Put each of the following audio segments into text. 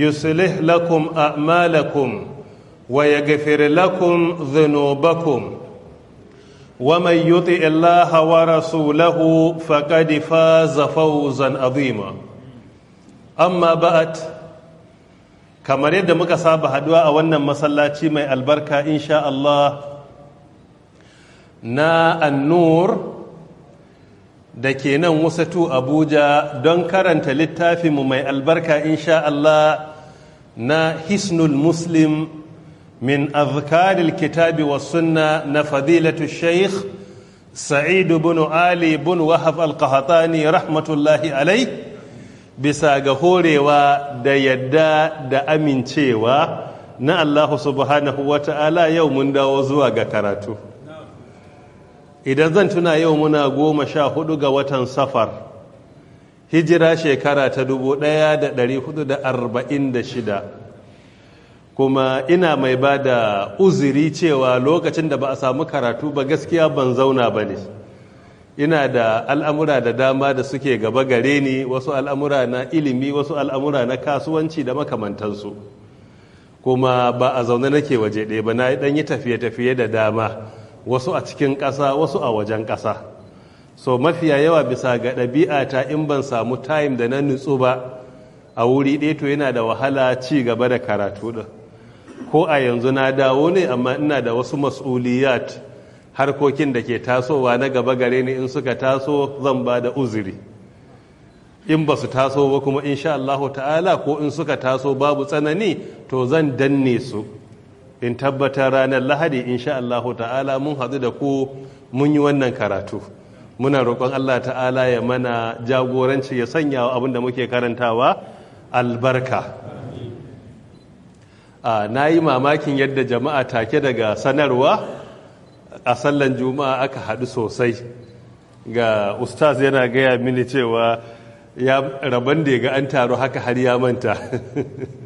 يصلح لكم أعمالكم ويغفر لكم ذنوبكم ومن يطع الله ورسوله فقد فاز فوزا عظيما أما بعد kamar yadda muka saba haduwa a wannan masallaci mai albarka insha Allah na annur da ke nan wasatu abuja don karanta mu mai albarka in sha Allah na hisnul muslim min azkaril kitabi wa sunna na fadilatu sheikh sa'idu bin ali bin wahab alkahatani rahmatullahi alai bisa ga horewa da yadda da amincewa na allahu subhanahu wa ta'ala yau mun dawo zuwa ga karatu idan zan tuna yau muna goma sha hudu ga watan safar hijira shekara ta dubu daya da dari hudu da arba'in da shida kuma ina mai ba da uziri cewa lokacin da ba a samu karatu ba gaskiya ban zauna ba ne ina da al'amura da dama da suke gaba gare ni wasu al'amura na ilimi wasu al'amura na kasuwanci da makamantansu kuma ba a zaune nake waje ɗaya ba na ɗanyi tafiye-tafiye da dama wasu a cikin ƙasa wasu a wajen ƙasa so mafiya yawa bisa ga ɗabi'a ta in ban samu time da na nutsu ba a wuri ɗaya to yana da wahala ci gaba da karatu ɗin ko a yanzu na dawo ne amma ina da wasu mas'uliyat harkokin da ke tasowa na gaba gare ni in suka taso zan ba da uzuri in ba su taso ba kuma insha Allah ta'ala ko in suka taso babu tsanani to zan danne su in tabbatar ranar lahadi insha Allahu ta'ala mun hadu da ku mun yi wannan karatu muna roƙon Allah ta'ala ya mana jagoranci ya sanya abin da muke karantawa albarka na yi mamakin yadda jama'a take daga sanarwa a sallan juma'a aka haɗu sosai ga ustaz yana gaya mini cewa ya rabon da ga an taru haka har ya manta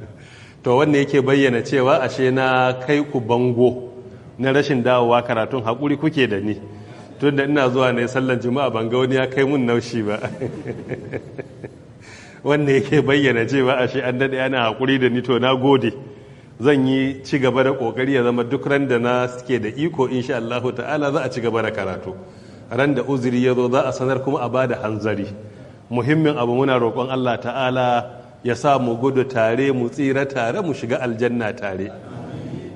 to wanda yake bayyana cewa ashe na kai ku bango na rashin dawowa karatun haƙuri kuke da ni tun da ina zuwa na yi sallan juma'a ban ga wani ya kai mun naushi ba wanda yake bayyana cewa ashe an dade ana haƙuri da ni to na gode zan yi ci gaba da ƙoƙari ya zama duk ran da na suke da iko insha Allah ta'ala za a ci gaba da karatu ran da uzuri ya zo za a sanar kuma a ba da hanzari muhimmin abu muna roƙon Allah ta'ala ya sa mu gudu tare mu tsira tare mu shiga aljanna tare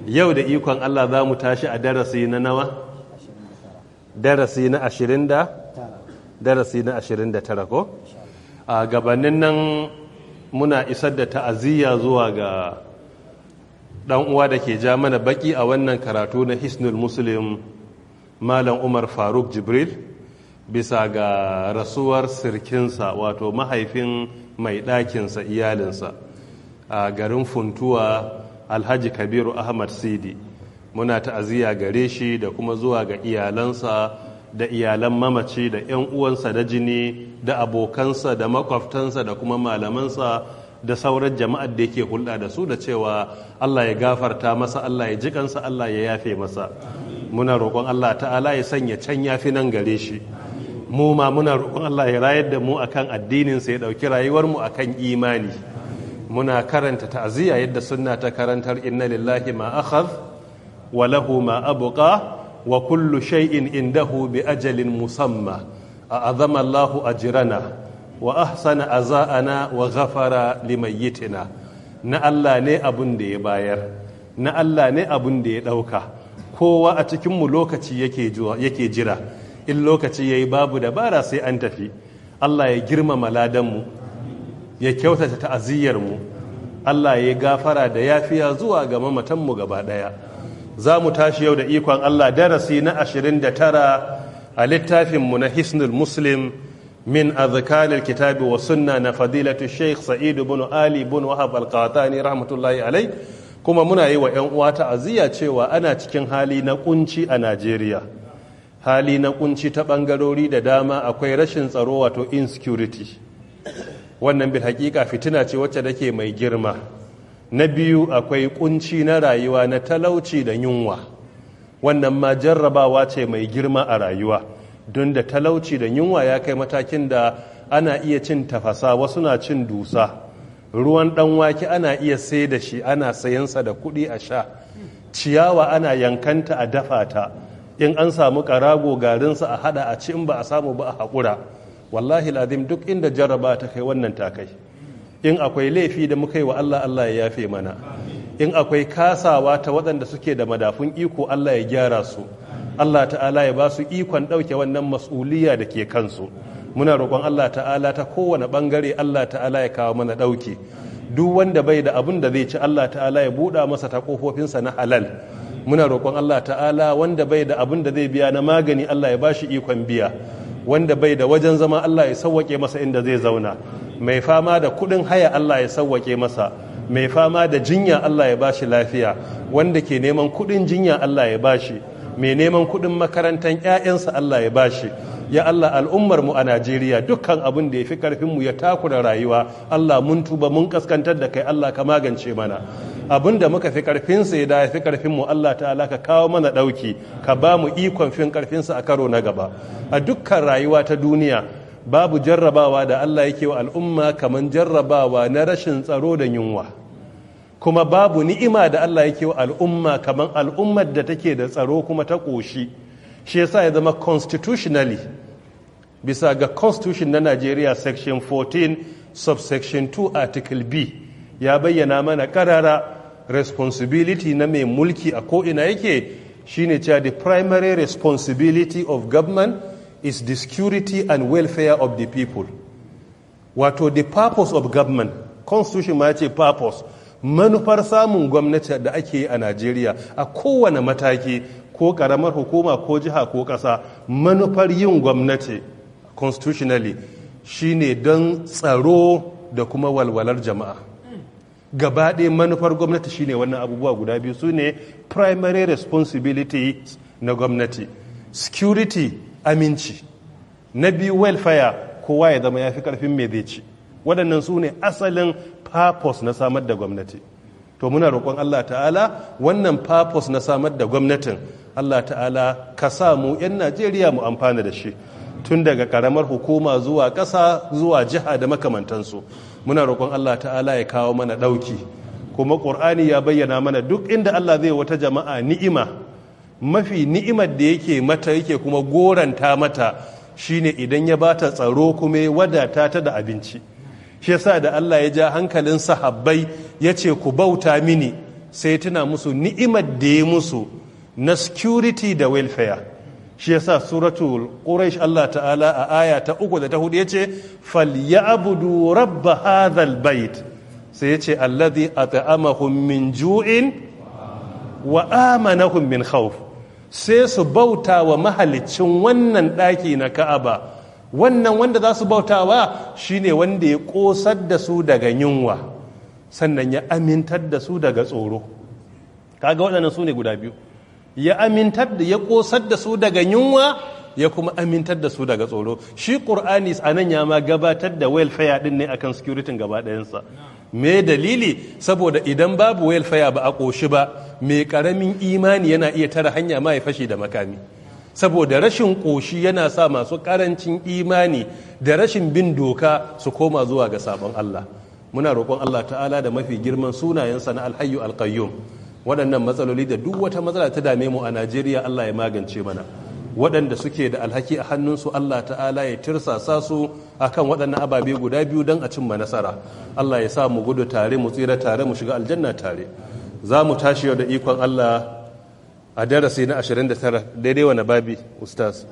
yau da ikon Allah za mu tashi a darasi na nawa darasi na ashirin da darasi na ashirin da tara ko a gabanin nan muna isar da ta'aziyya zuwa ga dan uwa da ke ja mana baki a wannan karatu na hisnul muslim malam umar faruk jibril bisa ga rasuwar sirkinsa wato mahaifin mai ɗakinsa iyalinsa a garin funtuwa alhaji kabiru ahmad sidi muna ta'aziyya gare shi da kuma zuwa ga iyalansa da iyalan mamaci da 'yan uwansa da jini da abokansa da makwabtansa da kuma malamansa da sauran jama'ar da yake hulɗa da su da cewa Allah ya gafarta masa Allah ya jikansa Allah ya yafe masa muna roƙon Allah ta'ala ya sanya can yafi nan gare shi mu ma muna roƙon Allah ya rayar da mu akan addinin sa ya dauki rayuwar mu akan imani muna karanta ta'aziyya yadda sunna ta karantar inna lillahi ma akhadh wa lahu ma abqa wa kullu shay'in indahu bi ajalin musamma a azama Allahu jirana wa ahsana aza'ana wa ghafara limayyitina na Allah ne abun da ya bayar na Allah ne abun da ya dauka kowa a cikin mu lokaci yake jira in lokaci ya yi babu dabara sai an tafi Allah ya girmama ladan ya kyautata ta'aziyyar mu Allah ya gafara da yafiya zuwa ga mamatanmu gaba ɗaya. za mu tashi yau da ikon Allah darasi na ashirin da tara a littafinmu mu na Hisnul Muslim min kitabi wa sunna na Fadilatu Sheikh Sa'idu بن Ali بن Wahab al رحمة rahmatullahi alai, kuma muna yi wa 'yan uwa ta'aziyya cewa ana cikin hali na kunci a Najeriya hali na kunci ta bangarori da dama akwai rashin tsaro wato insecurity wannan bil hakika fitina ce wacce take mai girma na biyu akwai kunci na rayuwa na talauci da yunwa wannan ma jarrabawa ce mai girma a rayuwa don da talauci da yunwa ya kai matakin da ana iya cin tafasa wasu na cin dusa ruwan dan wake ana iya sai da shi ana sayansa da kuɗi a sha ciyawa ana yankanta a dafa ta in an samu ƙarago garinsa a hada a ci in ba a samu ba a haƙura wallahi lazim duk inda jarraba ta kai wannan takai in akwai laifi da muka yi wa Allah Allah ya yafe mana in akwai kasawa ta waɗanda suke da madafun iko Allah ya gyara su Allah ta'ala ya ba su ikon ɗauke wannan mas'uliya da ke kansu muna roƙon Allah ta'ala ta kowane ɓangare Allah ta'ala ya kawo mana ɗauke duk wanda bai da abin da zai ci Allah ta'ala ya buɗa masa ta ƙofofinsa na halal muna roƙon Allah ta'ala wanda bai da abin da zai biya na magani Allah ya bashi ikon biya wanda bai da wajen zama Allah ya sauwake masa inda zai zauna mai fama da kuɗin haya Allah ya sauwake masa mai fama da jinya Allah ya bashi lafiya wanda ke neman kuɗin jinya Allah ya bashi mai neman kuɗin makarantar 'ya'yansa Allah ya bashi ya Allah al'ummar mu a Najeriya dukkan abin da ya fi karfin mu ya takura rayuwa Allah mun tuba mun kaskantar da kai Allah ka magance mana abin da muka fi karfinsa ya da fi karfinmu Allah ta'ala ka kawo mana ɗauki ka ba mu ikon fin karfinsa a karo na gaba a dukkan rayuwa ta duniya babu jarrabawa da Allah yake wa al'umma kamar jarrabawa na rashin tsaro da yunwa kuma babu ni'ima da Allah yake wa al'umma kamar al'ummar da take da tsaro kuma ta ƙoshi shi yasa ya zama constitutionally bisa ga constitution na Najeriya section 14 subsection 2 article B ya bayyana mana karara responsibility na mai mulki a ko'ina yake shine cewa the primary responsibility of government is the security and welfare of the people wato the purpose of government constitution ma ce purpose manufar samun gwamnati da ake yi a najeriya a kowane mataki ko karamar hukuma ko jiha ko ƙasa manufar yin gwamnati constitutionally shine don tsaro da kuma walwalar jama'a gaba ɗaya manufar gwamnati shine wannan abubuwa guda biyu su ne primary responsibilities na gwamnati security aminci na biyu welfare kowa ya zama ya fi ƙarfin mai waɗannan su ne asalin purpose na samar da gwamnati to muna roƙon allah ta'ala wannan purpose na samar da gwamnatin allah ta'ala ka sa mu 'yan najeriya mu amfana da shi tun daga karamar hukuma zuwa ƙasa zuwa jiha da makamantansu muna roƙon Allah ta'ala ya kawo mana ɗauki kuma ƙur'ani ya bayyana mana duk inda Allah zai wata jama'a ni'ima mafi ni'imar da yake mata yake kuma goranta mata shine idan ya bata tsaro kuma ya wadata ta da abinci shi yasa da Allah ya ja hankalin sahabbai ya ce ku bauta mini sai tuna musu ni'imar da ya musu na security da welfare shi ya sa suratul quraish Allah ta'ala a aya ta uku da ta hudu yace falyabudu rabba hadhal bait sai ya ce, alladhi at'amahum min ju'in wa amanahum min khawf sai su bauta wa mahalicin wannan ɗaki na Ka'aba wannan wanda za su bautawa shine wanda ya ƙosar da su daga yunwa sannan ya amintar da su daga tsoro kaga waɗannan su ne guda biyu ya amintar da ya kosar da su daga yunwa ya kuma amintar da su daga tsoro shi a nan ya ma gabatar da welfare din ne akan security gaba ɗayansa me dalili saboda idan babu welfare ba a ƙoshi ba mai karamin imani yana iya tara hanya ma ya fashi da makami saboda rashin ƙoshi yana sa masu ƙarancin imani da rashin bin doka su koma zuwa ga sabon Allah muna roƙon Allah ta'ala da mafi girman sunayensa na alhayyu alƙayyum waɗannan matsaloli da duk wata matsala ta dame mu a najeriya allah ya magance mana waɗanda suke da alhaki a hannunsu allah ta'ala ya tirsasa su a kan waɗannan ababe guda biyu don a cimma nasara allah ya sa mu gudu tare mu tsira tare mu shiga aljanna tare za mu tashi yau da ikon allah a darasi na 29 daidai wani babi ustaz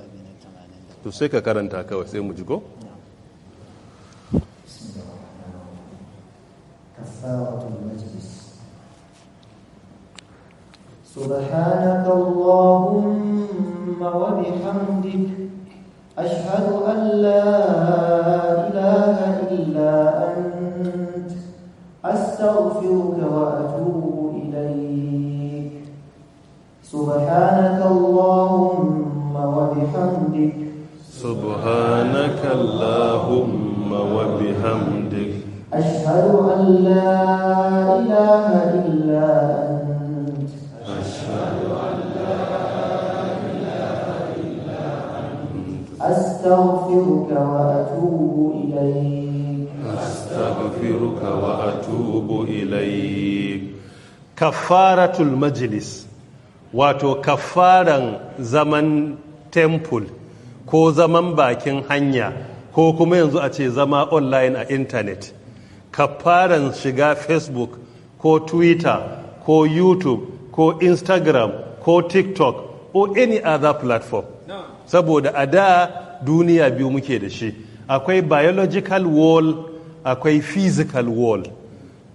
to sai ka karanta kawai sai mu jigo ko. سبحانك اللهم وبحمدك أشهد أن لا إله إلا أنت أستغفرك وأتوب إليك سبحانك اللهم وبحمدك سبحانك اللهم وبحمدك أشهد أن لا إله إلا أنت أستغفرك وأتوب إليك أستغفرك وأتوب إليك كفارة المجلس wato kafaran zaman temple ko zaman bakin hanya ko kuma yanzu a ce zama online a intanet kafaran shiga facebook ko twitter ko youtube ko instagram ko tiktok or any other platform saboda a da duniya biyu muke da shi akwai biological wall akwai physical wall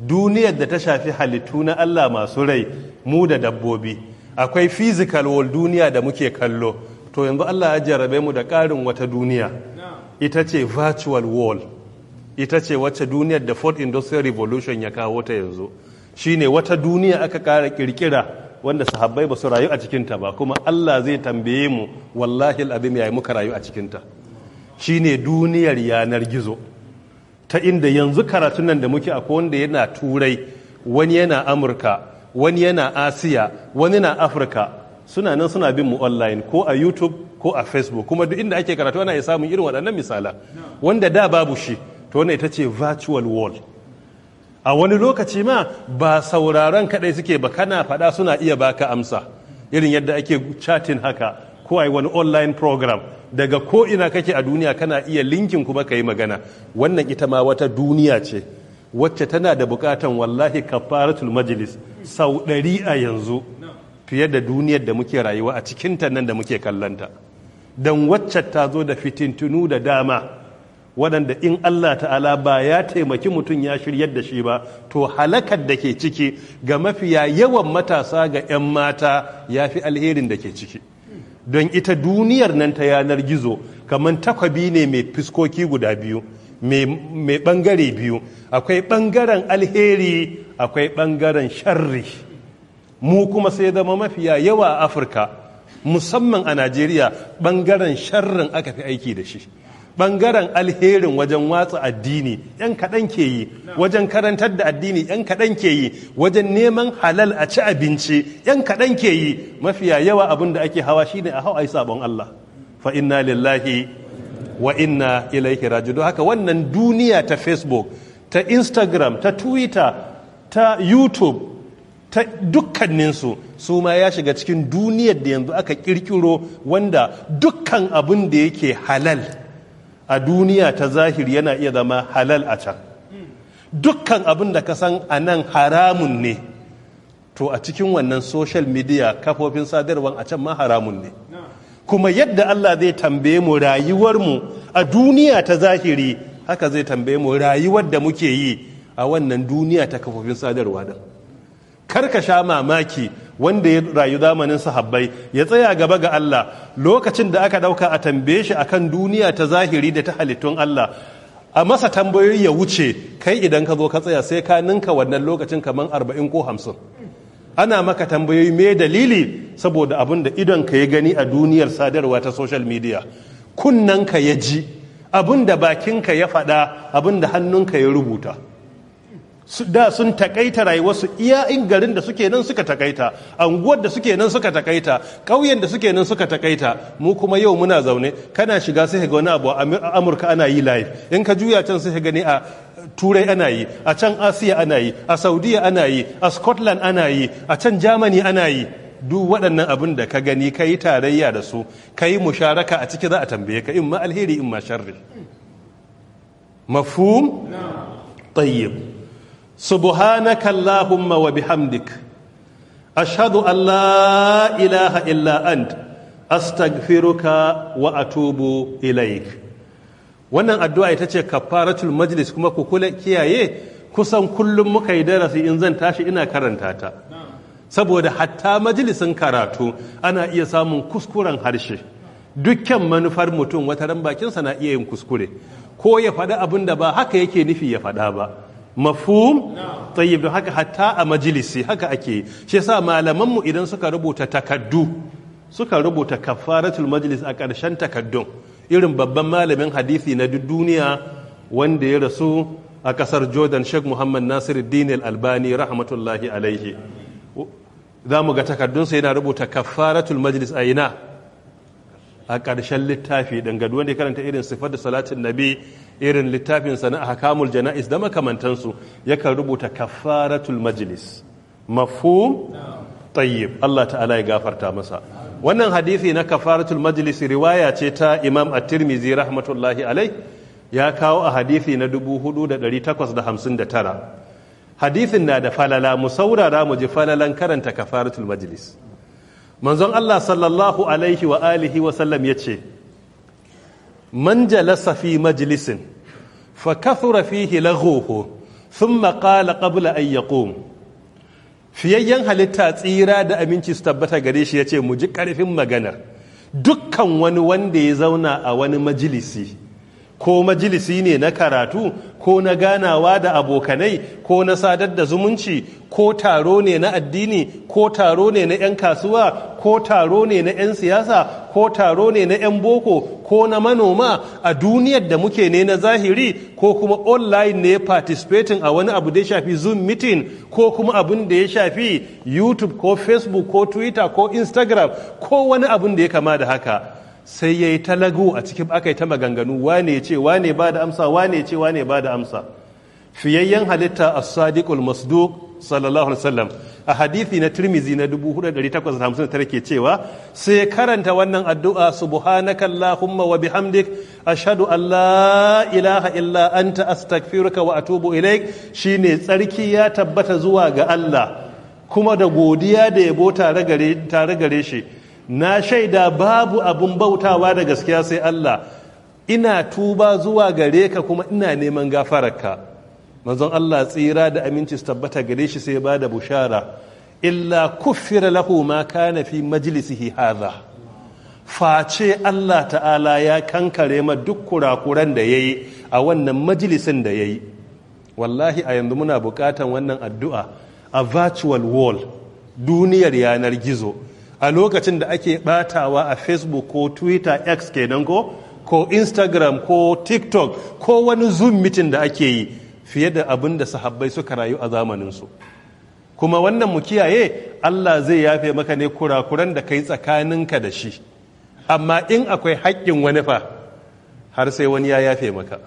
duniyar da ta shafi halittu na Allah masu rai mu da dabbobi akwai physical wall duniya da muke kallo to yanzu Allah ya jarabe mu da ƙarin wata duniya ita ce virtual wall ita ce wacce duniyar da fourth industrial revolution ya kawo ta yanzu shine wata duniya aka ƙara ƙirƙira wanda sahabbai ba su rayu a cikinta ba kuma Allah zai tambaye mu wallahi al'azim yayi muka rayu a cikinta shine duniyar yanar gizo ta inda yanzu karatun nan da muke akwai wanda yana turai wani yana amurka wani yana asiya wani na afirka suna nan suna bin mu online ko a youtube ko a facebook kuma duk inda ake karatu ana iya samun irin waɗannan misala wanda da babu shi to wannan ita ce virtual world a wani lokaci ma ba sauraron kadai suke ba kana faɗa suna iya baka amsa irin yadda ake chatting haka ko ai wani online program daga ko ina kake a duniya kana iya linkin kuma ka yi magana wannan ita ma wata duniya ce wacce tana da bukatan wallahi kafaratul majalis sau ɗari a yanzu fiye da duniyar da muke rayuwa a ta nan da muke kallanta don wacce ta zo da fitintunu da dama waɗanda in Allah ta'ala ba ya taimaki mutum ya shiryar da shi ba to halakar da ke ciki ga mafiya yawan matasa ga 'yan mata ya fi alherin da ke ciki don ita duniyar nan ta yanar gizo kamar takwabi ne mai fiskoki guda biyu mai ɓangare biyu akwai ɓangaren alheri akwai ɓangaren sharri mu kuma sai zama mafiya yawa a afirka musamman a najeriya ɓangaren sharrin aka fi aiki da shi bangaren alherin wajen watsa addini yan kaɗan ke yi wajen karantar da addini yan kaɗan ke yi wajen neman halal a ci abinci yan kaɗan ke yi mafiya yawa abin da ake hawa shine a hau ai sabon Allah fa inna lillahi wa inna ilaihi raji'un haka wannan duniya ta Facebook ta Instagram ta Twitter ta YouTube ta dukkaninsu su ma ya shiga cikin duniyar da yanzu aka kirkiro wanda dukkan abin da yake halal a duniya ta zahiri yana iya zama halal a can dukkan abin da ka san a nan haramun ne to a cikin wannan social media kafofin sadarwar a can ma haramun ne kuma yadda Allah zai tambaye mu rayuwarmu a duniya ta zahiri haka zai tambaye mu rayuwar da muke yi a wannan duniya ta kafofin sadarwa din karka sha mamaki wanda ya rayu zamanin sahabbai ya tsaya gaba ga Allah lokacin da aka dauka a tambaye shi akan duniya ta zahiri da ta halittun Allah a masa tambayoyi ya wuce kai idan ka zo ka tsaya sai ka ninka wannan lokacin kaman arba'in ko hamsin. ana maka tambayoyi mai dalili saboda abin da idon ka ya gani a duniyar sadarwa ta social media kunnen ka ya ji abin da bakinka ya faɗa abin da hannunka ya rubuta da sun takaita rayuwarsu iya in garin da suke nan suka takaita anguwar da suke nan suka takaita ƙauyen da suke nan suka takaita mu kuma yau muna zaune kana shiga sai ga wani abu a amurka ana yi live in ka juya can sai gani a turai ana yi a can asiya ana yi a saudiya ana yi a scotland ana yi a can germany ana yi duk waɗannan abin da ka gani ka yi tarayya da su ka yi musharaka a ciki za a tambaye ka in ma alheri in ma sharri mafhum tayyib subhanaka allahumma wa bihamdik ashhadu an la ilaha illa ant astaghfiruka wa atubu ilaik wannan addu'a ita ce kafaratul majlis kuma ku kula kiyaye kusan kullum muka yi darasi in zan tashi ina karanta ta saboda hatta majalisin karatu ana iya samun kuskuren harshe dukkan manufar mutum wata ran bakinsa na iya yin kuskure ko ya faɗi abin da ba haka yake nufi ya faɗa ba mafhum tayyib don haka hatta a majalisi haka ake shi yasa malaman idan suka rubuta takaddu suka rubuta kafaratul majlis a ƙarshen takaddun irin babban malamin hadisi na duniya wanda ya rasu a ƙasar jordan sheikh muhammad nasiruddin al-albani rahmatullahi alaihi za mu ga takardunsa yana rubuta kafaratul majlis a ina a ƙarshen littafi dangadu wanda ya karanta irin sifar da salatin nabi irin littafinsa na ahkamul jana'is da makamantansu yakan rubuta kafaratul majlis mafhum tayyib Allah ta'ala ya gafarta masa wannan hadisi na kafaratul majlis riwaya ce ta Imam At-Tirmidhi rahmatullahi alai ya kawo a hadisi na 4859 hadisin na da falala mu saurara mu ji falalan karanta kafaratul majlis manzon Allah sallallahu alaihi wa alihi wa sallam yace man jalasa fi majlisin fa kathura fihi laghuhu thumma qala qabla an yaqum fiyayyen halitta tsira da abinci su tabbata gare shi yace mu ji karfin maganar dukkan wani wanda ya zauna a wani majalisi ko majalisi ne na karatu ko na ganawa da abokanai ko na sadar da zumunci ko taro ne na addini ko taro ne na 'yan kasuwa ko taro ne na 'yan siyasa ko taro ne na 'yan boko ko na manoma a duniyar da muke ne na zahiri ko kuma online ne participating a wani abu da ya shafi zoom meeting ko kuma abin da ya shafi youtube ko facebook ko twitter ko instagram ko wani abun da ya kama da haka sai ya yi talago a cikin aka yi ta maganganu wane ce wane ba da amsa wane ce wane ba da amsa fiyayyen halitta a sadiqul masduq sallallahu alaihi wasallam a hadithi na tirmizi na 4859 ke cewa sai karanta wannan addu'a subhanaka allahumma wa bihamdik ashhadu an la ilaha illa anta astaghfiruka wa atubu ilaik shine tsarki ya tabbata zuwa ga Allah kuma da godiya da yabo tare gare shi na shaida babu abun bautawa da gaskiya sai Allah ina tuba zuwa gare ka kuma ina neman gafararka manzon Allah tsira da aminci su tabbata gare shi sai ba da bushara illa kuffira lahu ma kana fi majlisihi hadha face Allah ta'ala ya kankare ma duk kurakuran da yayi a wannan majlisin da yayi wallahi a yanzu muna bukatan wannan addu'a a virtual wall duniyar yanar gizo a lokacin da ake batawa a facebook ko twitter x kenan ko ko instagram ko tiktok ko wani zoom meeting da ake yi fiye da abin da sahabbai suka rayu a zamaninsu kuma wannan mu kiyaye allah zai yafe maka ne kurakuran da kai tsakaninka da shi amma in akwai haƙƙin wani fa har sai wani ya yafe maka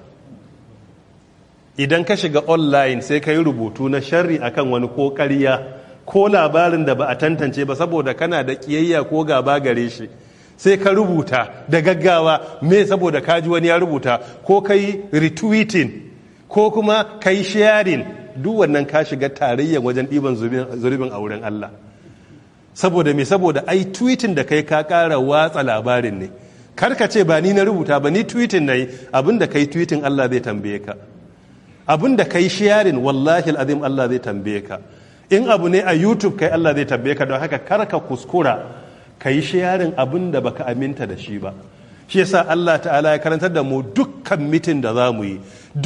idan ka shiga online sai ka yi rubutu na sharri akan wani ko ƙarya ko labarin da ba a tantance ba saboda kana da kiyayya ko gaba gare shi sai ka rubuta da gaggawa me saboda ji wani ya rubuta ko ka yi retweeting ko kuma ka yi sharing duk wannan ka shiga tarayyan wajen ɗiban zurbin a wurin Allah saboda me saboda ai tweeting da kai ka ƙara watsa labarin ne karka ce ba ni na rubuta ba ni tweeting na yi abinda kai tweeting Allah zai tambaye ka abinda kai sharing wallahi al'azim Allah zai tambaye ka in abu ne a youtube kai allah zai tabbe ka don haka kar ka kuskura ka yi sharing abin da baka aminta da shi ba shi yasa allah ta'ala ya karantar da mu dukkan mitin da za mu yi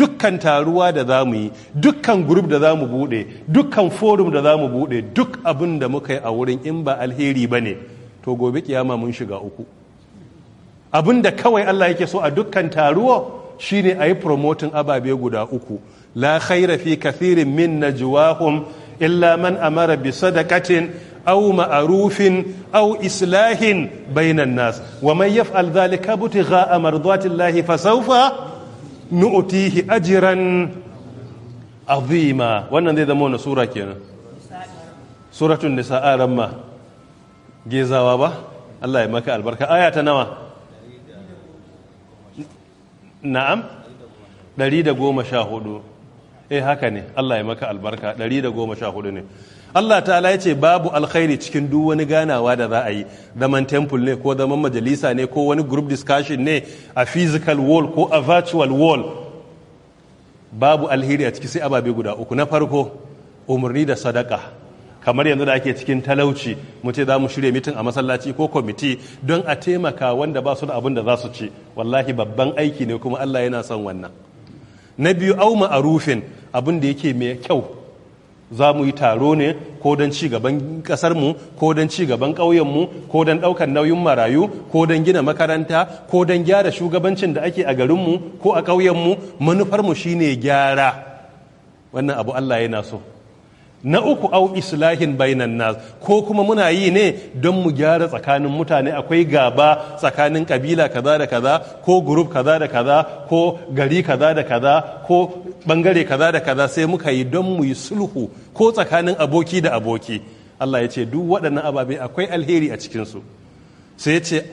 dukkan taruwa da za mu yi dukkan grup da za mu bude dukkan forum da za mu bude duk abin da muka yi a wurin in ba alheri ba ne to gobe kiyama mun shiga uku abin da kawai allah yake so a dukkan taruwa shine a yi promoting ababe guda uku la khaira fi kathirin min najwahum illa man amara bi sadaqatin aw ma'rufin aw islahin bainan nas wa man yaf'al dhalika butigha mardati llahi fasawfa nu'tihi ajran azima wannan zai zama wannan sura kenan Suratun nisa ramma gezawa ba Allah ya maka albarka aya ta nawa na'am 114 eh haka ne Allah ya maka albarka 114 ne Allah ta ya ce babu alkhairi cikin duk wani ganawa da za a yi zaman temple ne ko zaman majalisa ne ko wani group discussion ne a physical wall ko a virtual wall babu alheri a ciki sai ababe guda uku na farko umarni da sadaka kamar yanzu da ake cikin talauci mu ce za mu shirya mitin a masallaci ko kwamiti don a taimaka wanda ba su da abin da za su ci wallahi babban aiki ne kuma Allah yana son wannan na biyu au rufin abin da yake mai kyau za mu yi taro ne ko don ci gaban ƙasarmu ko don ci gaban mu ko don ɗaukar nauyin marayu ko don gina makaranta ko don gyara shugabancin da ake a garin mu ko a ƙauyenmu manufarmu shine gyara wannan abu Allah yana so na uku au islahin bainan nas ko kuma muna yi ne don mu gyara tsakanin mutane akwai gaba tsakanin kabila kaza da kaza ko group kaza da kaza ko gari kaza da kaza ko bangare kaza da kaza sai muka yi don mu yi sulhu ko tsakanin aboki da aboki Allah ya ce duk waɗannan ababe akwai alheri a cikinsu sai ce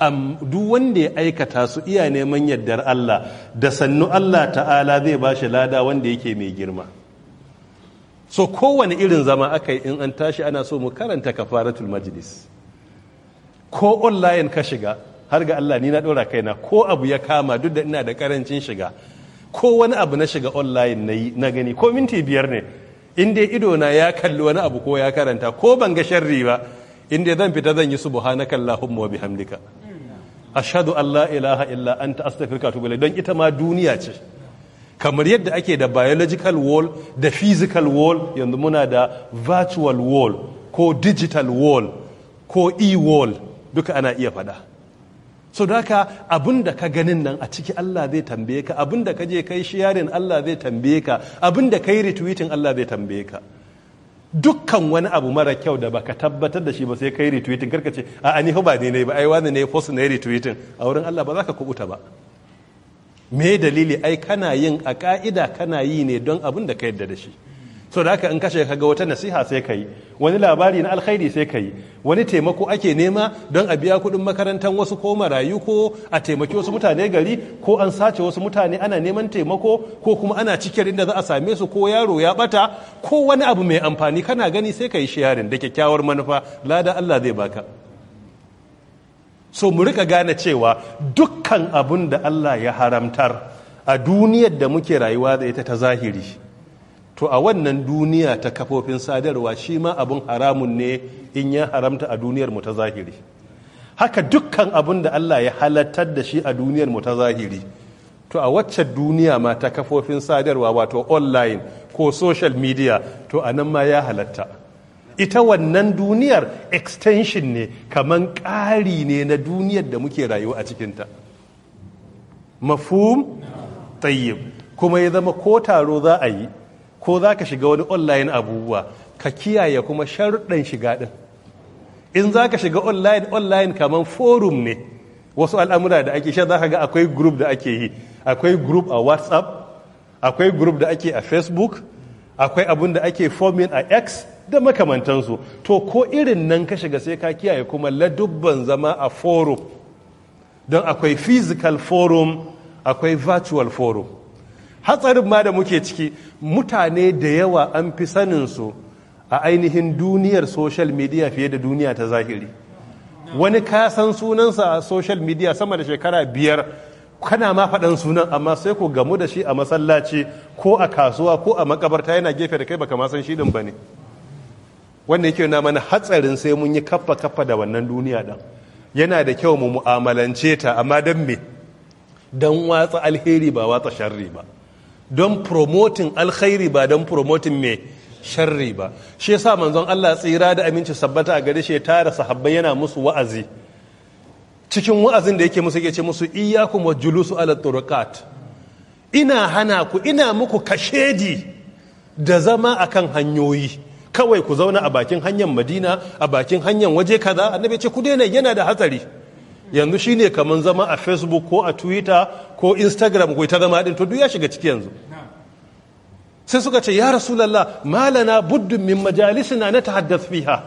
duk wanda ya aikata su iya neman yaddar Allah da sannu Allah ta'ala zai ba shi lada wanda yake mai girma so kowane irin zama aka yi in an tashi ana so mu karanta kafaratul majlis ko online ka shiga har ga Allah ni na ɗora kaina ko abu ya kama duk da ina da karancin shiga ko wani abu na shiga online na yi na gani ko minti biyar ne in dai na ya kalli wani abu ko ya karanta ko ban ga sharri ba in dai zan fita zan yi subhanaka allahumma wa bihamdika ashhadu an la ilaha illa anta astaghfiruka wa atubu don ita ma duniya ce kamar yadda ake da biological wall da physical wall yanzu muna da virtual wall ko digital wall ko e-wall duka ana iya faɗa so da ka abin da ka ganin nan a ciki Allah zai tambaye ka abin da ka je kai sharing Allah zai tambaye ka abin da kai retweeting Allah zai tambaye ka dukkan wani abu mara kyau da baka tabbatar da shi ba sai kai retweeting karka ce a ni ba ne ba ai wani ne post ne retweeting a wurin Allah ba za ka kubuta ba me dalili ai kana yin a ka'ida kana yi ne don abin da ka yadda da shi so da haka in kashe ka ga wata nasiha sai ka yi wani labari na alkhairi sai ka yi wani taimako ake nema don a biya kuɗin makarantar wasu ko marayu ko a taimaki wasu mutane gari ko an sace wasu mutane ana neman taimako ko kuma ana cikin inda za a same su ko yaro ya bata ko wani abu mai amfani kana gani sai ka yi shi yarin da kyakkyawar manufa lada Allah zai baka so mu rika gane cewa dukkan abun da Allah ya haramtar a duniyar da muke rayuwa da ita ta zahiri to a wannan duniya ta kafofin sadarwa shi ma abin haramun ne in ya haramta a duniyar mu ta zahiri haka dukkan abun da Allah ya halattar da shi a duniyar mu ta zahiri to a wacce duniya ma ta kafofin sadarwa wato online ko social media to a nan ma ya halatta ita wannan duniyar extension ne kaman ƙari ne na duniyar da muke rayuwa a cikinta mafum tsayyib kuma ya zama ko taro za a yi ko za ka shiga wani online abubuwa ka kiyaye kuma sharuɗan shiga ɗin in za ka shiga online online kaman forum ne wasu al'amura da ake sha za ka ga akwai group da ake yi akwai group a whatsapp akwai group da ake a facebook akwai abun da ake forming a x da makamantansu to ko irin nan ka shiga sai ka kiyaye kuma ladubban zama a forum don akwai physical forum akwai virtual forum hatsarin ma da muke ciki mutane da yawa an fi saninsu a ainihin duniyar social media fiye da duniya ta zahiri wani kasan sunansa a social media sama da shekara biyar kana ma faɗan sunan amma sai ku gamu da shi a masallaci ko a kasuwa ko a makabarta yana gefe da kai baka ma san shi ba ne wanda yake na mana hatsarin sai mun yi kafa kaffa da wannan duniya ɗan yana da kyau mu mu'amalance ta amma don me don watsa alheri ba watsa sharri ba don promoting alheri ba don promoting me sharri ba shi yasa manzon Allah tsira da aminci sabbata a gare shi tara sahabbai yana musu wa'azi cikin wa'azin da yake musu yake ce musu iyyakum wa julusu ala turqat ina hana ku ina muku kashedi da zama akan hanyoyi kawai ku zauna a bakin hanyar madina a bakin hanyar waje kaza annabi ce ku daina yana da hatsari yanzu shine kamar zama a facebook ko a twitter ko instagram ko ta zama din to duk ya shiga ciki yanzu sai suka ce ya rasulallah malana buddun min majalisina na tahaddath fiha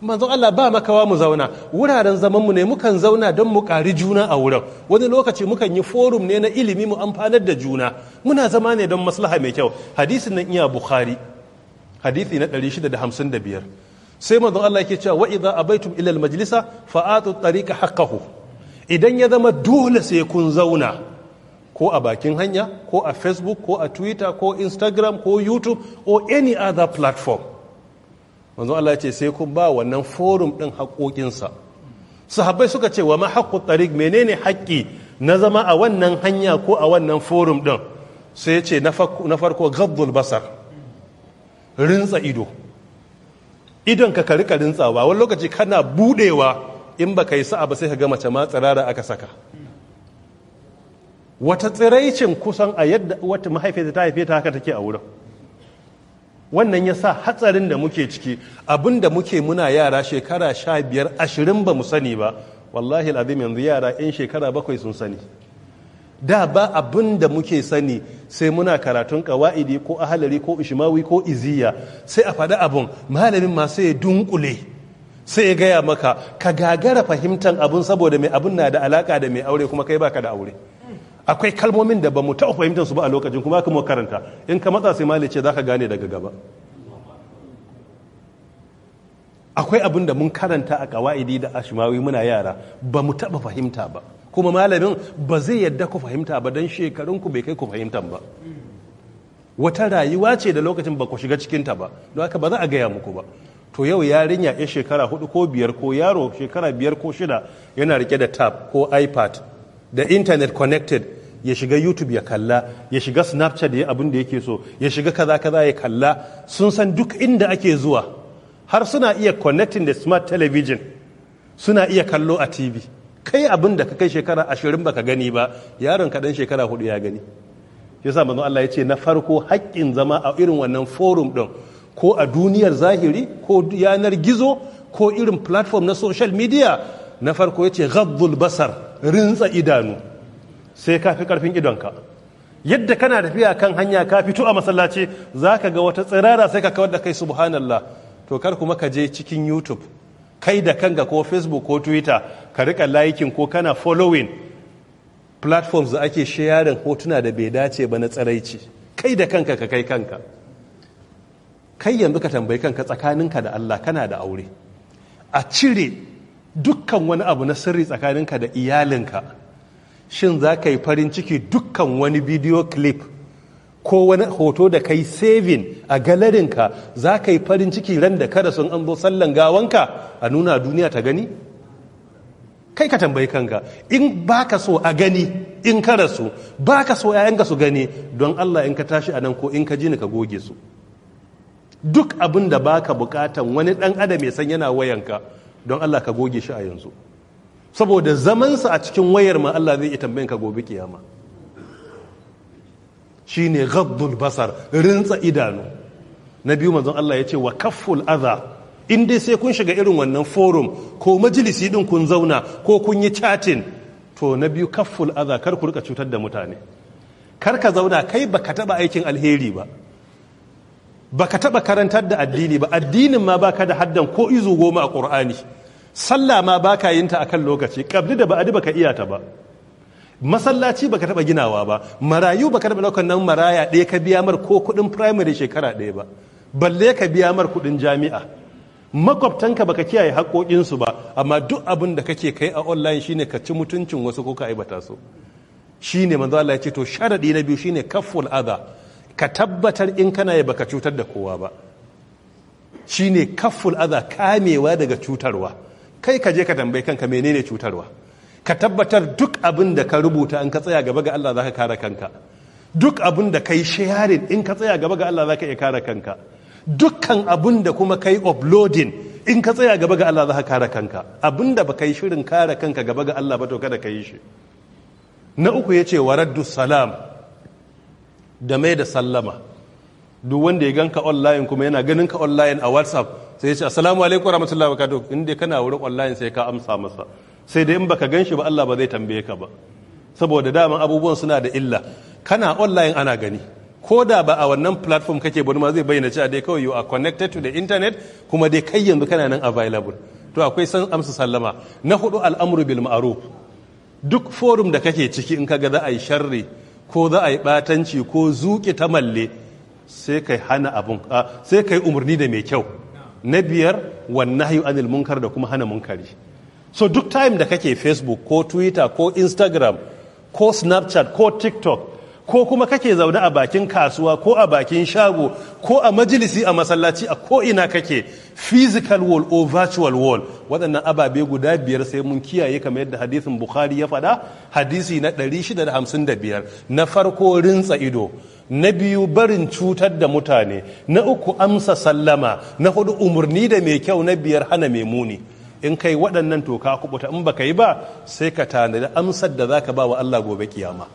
manzo Allah ba makawa mu zauna wuraren zaman mu ne mukan zauna don mu ƙari juna a wurin wani lokaci mukan yi forum ne na ilimi mu amfanar da juna muna zama ne don maslaha mai kyau hadisin nan iya bukhari hadithi na 655 sai manzon Allah yake cewa wa idza abaitum ila al majlisa fa atu tariqa haqqahu idan ya zama dole sai kun zauna ko a bakin hanya ko a facebook ko a twitter ko instagram ko youtube or any other platform manzon Allah ce sai kun ba wannan forum din haƙoƙinsa sahabbai suka ce wa ma haqqu tariq menene haƙƙi na zama a wannan hanya ko a wannan forum din sai ya ce na farko gaddul basar rintsa ido idon ka rika rintsawa wani lokaci kana budewa in ba ka yi sa'a ba sai ka ga mace ma tsirara aka saka wata tsiraicin kusan a yadda wata mahaifiyar ta haife ta haka take a wurin wannan ya sa hatsarin da muke ciki abinda muke muna yara shekara sha biyar ashirin ba mu sani ba wallahi al'adim yanzu yara 'yan shekara bakwai sun sani da ba abin da muke sani sai muna karatun kawa'idi ko ahalari ko ishimawi ko iziya sai a faɗi abin malamin ma sai ya dunkule sai ya gaya maka ka gagara fahimtar abin saboda mai abin na da alaka da mai aure kuma kai baka da aure akwai kalmomin da ba mu taɓa fahimtar su ba a lokacin kuma kuma karanta in ka matsa sai mali ce za ka gane daga gaba akwai abin da mun karanta a kawa'idi da ashimawi muna yara ba mu taɓa fahimta ba kuma malamin ba zai yadda ku fahimta ba don shekarunku bai kai ku fahimtan ba wata rayuwa ce da lokacin ba ku shiga cikinta ba don haka ba za a gaya muku ba to yau yarinya ya shekara hudu ko biyar ko yaro shekara biyar ko shida yana rike da tab ko ipad da internet connected ya shiga youtube ya kalla ya shiga snapchat ya abin da yake so ya shiga kaza kaza ya kalla sun san duk inda ake zuwa har suna iya connecting da smart television suna iya kallo a tv kai abin da ka kai shekara ashirin baka gani ba yaron ka dan shekara hudu ya gani shi yasa manzon Allah ya ce na farko haƙƙin zama a irin wannan forum ɗin ko a duniyar zahiri ko yanar gizo ko irin platform na social media na farko ya ce ghaddul basar rintsa idanu sai ka fi ƙarfin idonka yadda kana tafiya kan hanya ka fito a masallaci za ka ga wata tsirara sai ka kawar da kai subhanallah to kar kuma ka je cikin youtube kai da kanka ko facebook ko twitter ka rika laikin ko kana following platforms da ake sharing hotuna da bai dace ba na tsaraici kai da kanka ka kai kanka kai yanzu ka tambayi kanka tsakaninka da Allah kana da aure a cire dukkan wani abu na sirri tsakaninka da iyalinka shin za ka yi farin ciki dukkan wani video clip ko wani hoto da kai saving a galarinka za ka yi farin ciki ran da kada sun an zo sallan gawanka a nuna duniya ta gani kai ka tambayi kanka in baka so a gani in ka rasu baka so yayanka su gani don Allah in ka tashi a nan ko in ka ji ni ka goge su duk abin da baka bukatan wani dan adam ya san yana wayanka don Allah ka goge shi a yanzu saboda zamansa a cikin wayar ma Allah zai iya tambayin ka gobe kiyama Shi ne ghaddul basar rintsa idanu na biyu manzon Allah ya ce wa kafful adha in dai sai kun shiga irin wannan forum ko majalisi din kun zauna ko kun yi chatting to na biyu kafful adha kar ku rika cutar da mutane kar ka zauna kai baka taba aikin alheri ba baka taba karantar da addini ba addinin ma baka da haddan ko izu goma a qur'ani sallah ma baka yin ta akan lokaci kabli da ba'adi baka iya ta ba masallaci ba ka taba ginawa ba marayu ba ka taba daukan nan maraya ɗaya ka biya mar ko kuɗin firamare shekara ɗaya ba balle ka biya mar kuɗin jami'a makwabtanka baka kiyaye haƙoƙinsu ba amma duk abin da kake kai a online shine ka ci mutuncin wasu ko ka aibata su shine manzo Allah ya ce to sharadi na biyu shine kaful adha ka tabbatar in kana yi baka cutar da kowa ba shine kaful adha kamewa daga cutarwa kai ka je ka tambayi kanka menene cutarwa ka tabbatar duk abin da ka rubuta in ka tsaya gaba ga Allah za ka kare kanka duk abin da ka yi sharing in ka tsaya gaba ga Allah za ka iya kare kanka dukkan abin da kuma ka yi uploading in ka tsaya gaba ga Allah ka kare kanka abin da baka yi shirin kare kanka gaba ga Allah ba to kada ka yi shi na uku yace waraddu salam da mai da sallama duk wanda ya ganka online kuma yana ganin ka online a WhatsApp sai ya ce assalamu alaikum warahmatullahi wabarakatuh inda kana wurin online sai ka amsa masa sai dai in baka gan shi ba Allah ba zai tambaye ka ba saboda daman abubuwan suna da illa kana online ana gani ko da ba a wannan platform kake ba ma zai bayyana cewa dai kawai you are connected to the internet kuma dai kai yanzu kana nan available to akwai san amsa sallama na hudu al'amru bil ma'ruf duk forum da kake ciki in kaga za a yi sharri ko za a yi batanci ko zuki ta malle sai kai hana abun sai kai umarni da mai kyau na biyar wannan hayu anil munkar da kuma hana munkari so duk time da kake facebook ko twitter ko instagram ko snapchat ko tiktok ko kuma kake zaune a bakin kasuwa ko a bakin shago ko a majalisi a masallaci a ko'ina kake physical wall or virtual wall waɗannan ababe guda biyar sai mun kiyaye kamar yadda hadisin bukhari ya faɗa hadisi na 655 na farko rintsa ido na biyu barin cutar da mutane na uku amsa sallama na hudu umarni da mai kyau na biyar hana mai muni in kai waɗannan to ka kubuta in baka yi ba sai ka tanadi amsar da zaka ba wa Allah gobe kiyama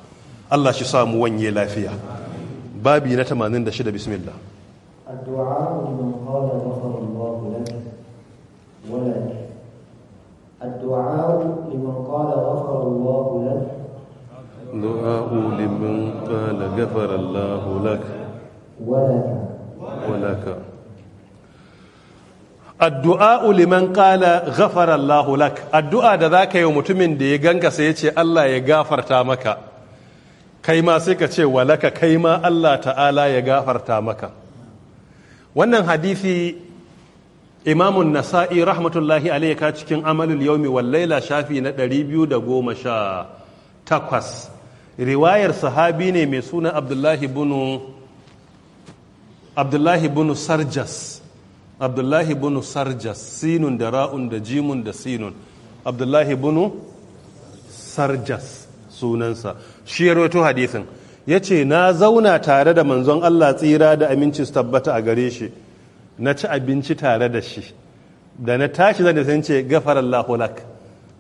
Allah shi samu wanye lafiya babi na 86 bismillah الدعاء من قال غفر الله لك ولك الدعاء لمن قال غفر الله لك دعاء لمن قال غفر الله لك ولك addu'a uliman ƙala ghafara Allah lak addu'a da za ka yi mutumin da ya ganka sai ya ce Allah ya gafarta maka kai ma sai ka ce walaka kai ma Allah ta'ala ya gafarta maka wannan hadithi imamun nasa'i rahmatullahi alaika cikin amalul yaumi wallaila shafi na 218 riwayar sahabi ne mai suna Abdullahi bunu Sarjas abdullahi bunu sarjas sinun da ra'un da jimun da sinun abdullahi bunu sarjas sunansa shi ya roto hadisin ya ce na zauna tare da manzon allah tsira da aminci su tabbata a gare shi na ci abinci tare da shi da na tashi zan da sun ce allah lak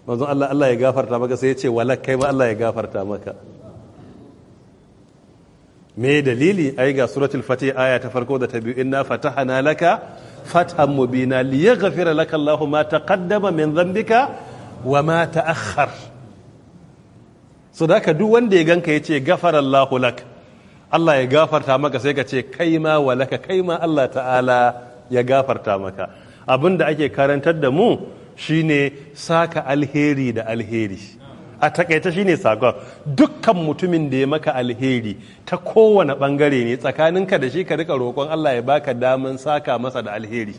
manzon allah allah ya gafarta maka sai ya ce walak kai ma allah ya gafarta maka me dalili ai ga suratul fatih aya ta farko da ta biyu inna fatahana laka fathan mubina liyaghfira laka Allahu ma kaddama min dhanbika wa ma akhar so da duk wanda ya ganka yace gafara Allahu lak Allah ya gafarta maka sai ka ce kai ma walaka kai ma Allah ta'ala ya gafarta maka abinda ake karantar da mu shine saka alheri da alheri a takaice shine sakon dukkan mutumin da ya maka alheri ta kowane bangare ne tsakaninka da shi ka rika roƙon Allah ya baka daman saka masa da alheri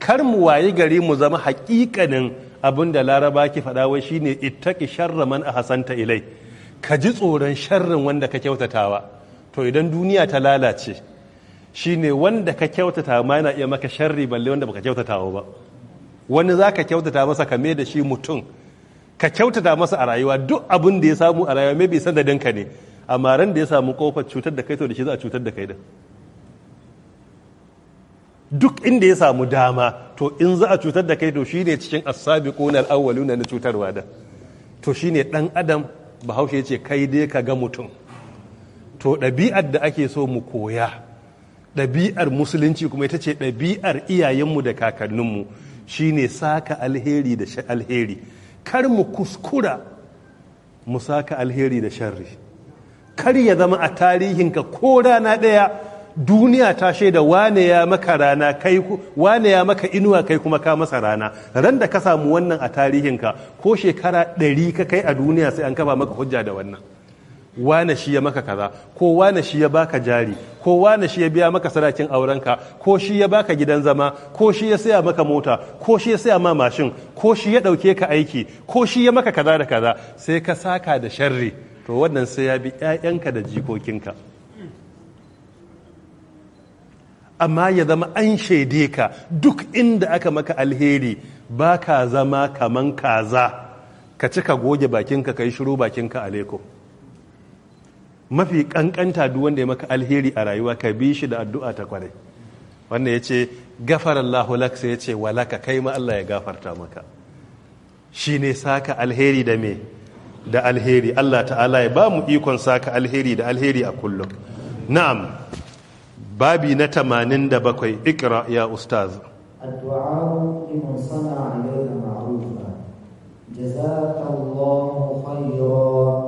kar mu wayi gari mu zama haƙiƙanin abin da laraba ki faɗa wai shine ittaki sharra man hasanta ilai ka ji tsoron sharrin wanda ka kyautatawa to idan duniya ta lalace shine wanda ka kyautata ma yana iya maka sharri balle wanda baka kyautatawa ba wani za ka kyautata masa kame da shi mutum ka kyautata masa a rayuwa duk abin da ya samu a rayuwa mai bai sanadin ka ne amma ran da ya samu kofar cutar da kai to da shi za a cutar da kai din duk inda ya samu dama to in za a cutar da kai to shine cikin assabi, konar al-awwaluna na cutarwa da to shine dan adam bahaushe ce kai dai ka ga mutum to ɗabi'ar da ake so mu koya ɗabi'ar musulunci kuma ita ce ɗabi'ar iyayenmu da kakanninmu shine saka alheri da alheri kar mu kuskura mu saka alheri da sharri kar ya zama a tarihinka ko rana ɗaya duniya ta shaida wane ya maka rana kai wane ya maka inuwa kai kuma ka masa rana ran da ka samu wannan a tarihinka ko shekara ɗari ka kai a duniya sai an kafa maka hujja da wannan wane shi ya maka kaza ko wane shi ya baka jari ko wane shi ya biya maka sadakin aurenka ko shi ya baka gidan zama ko shi ya saya maka mota ko shi ya saya ma mashin ko shi ya dauke ka aiki ko shi ya maka kaza da kaza sai ka saka da sharri to wannan sai ya bi ƴaƴanka da jikokinka amma ya zama an shaide ka duk inda aka maka alheri baka zama kaman kaza ka cika goge bakinka ka yi shiru bakinka alaikum mafi kankanta duk wanda ya maka alheri a rayuwa ka bi shi da addu'a ta kwarai wanda ya ce gafarallahu lak sai ya ce walaka kai ma Allah ya gafarta maka shi ne saka alheri da me da alheri Allah ta'ala ya ba mu ikon saka alheri da alheri a kullum na'am babi na tamanin da bakwai ikra ya ustaz addu'a liman jazakallahu khayran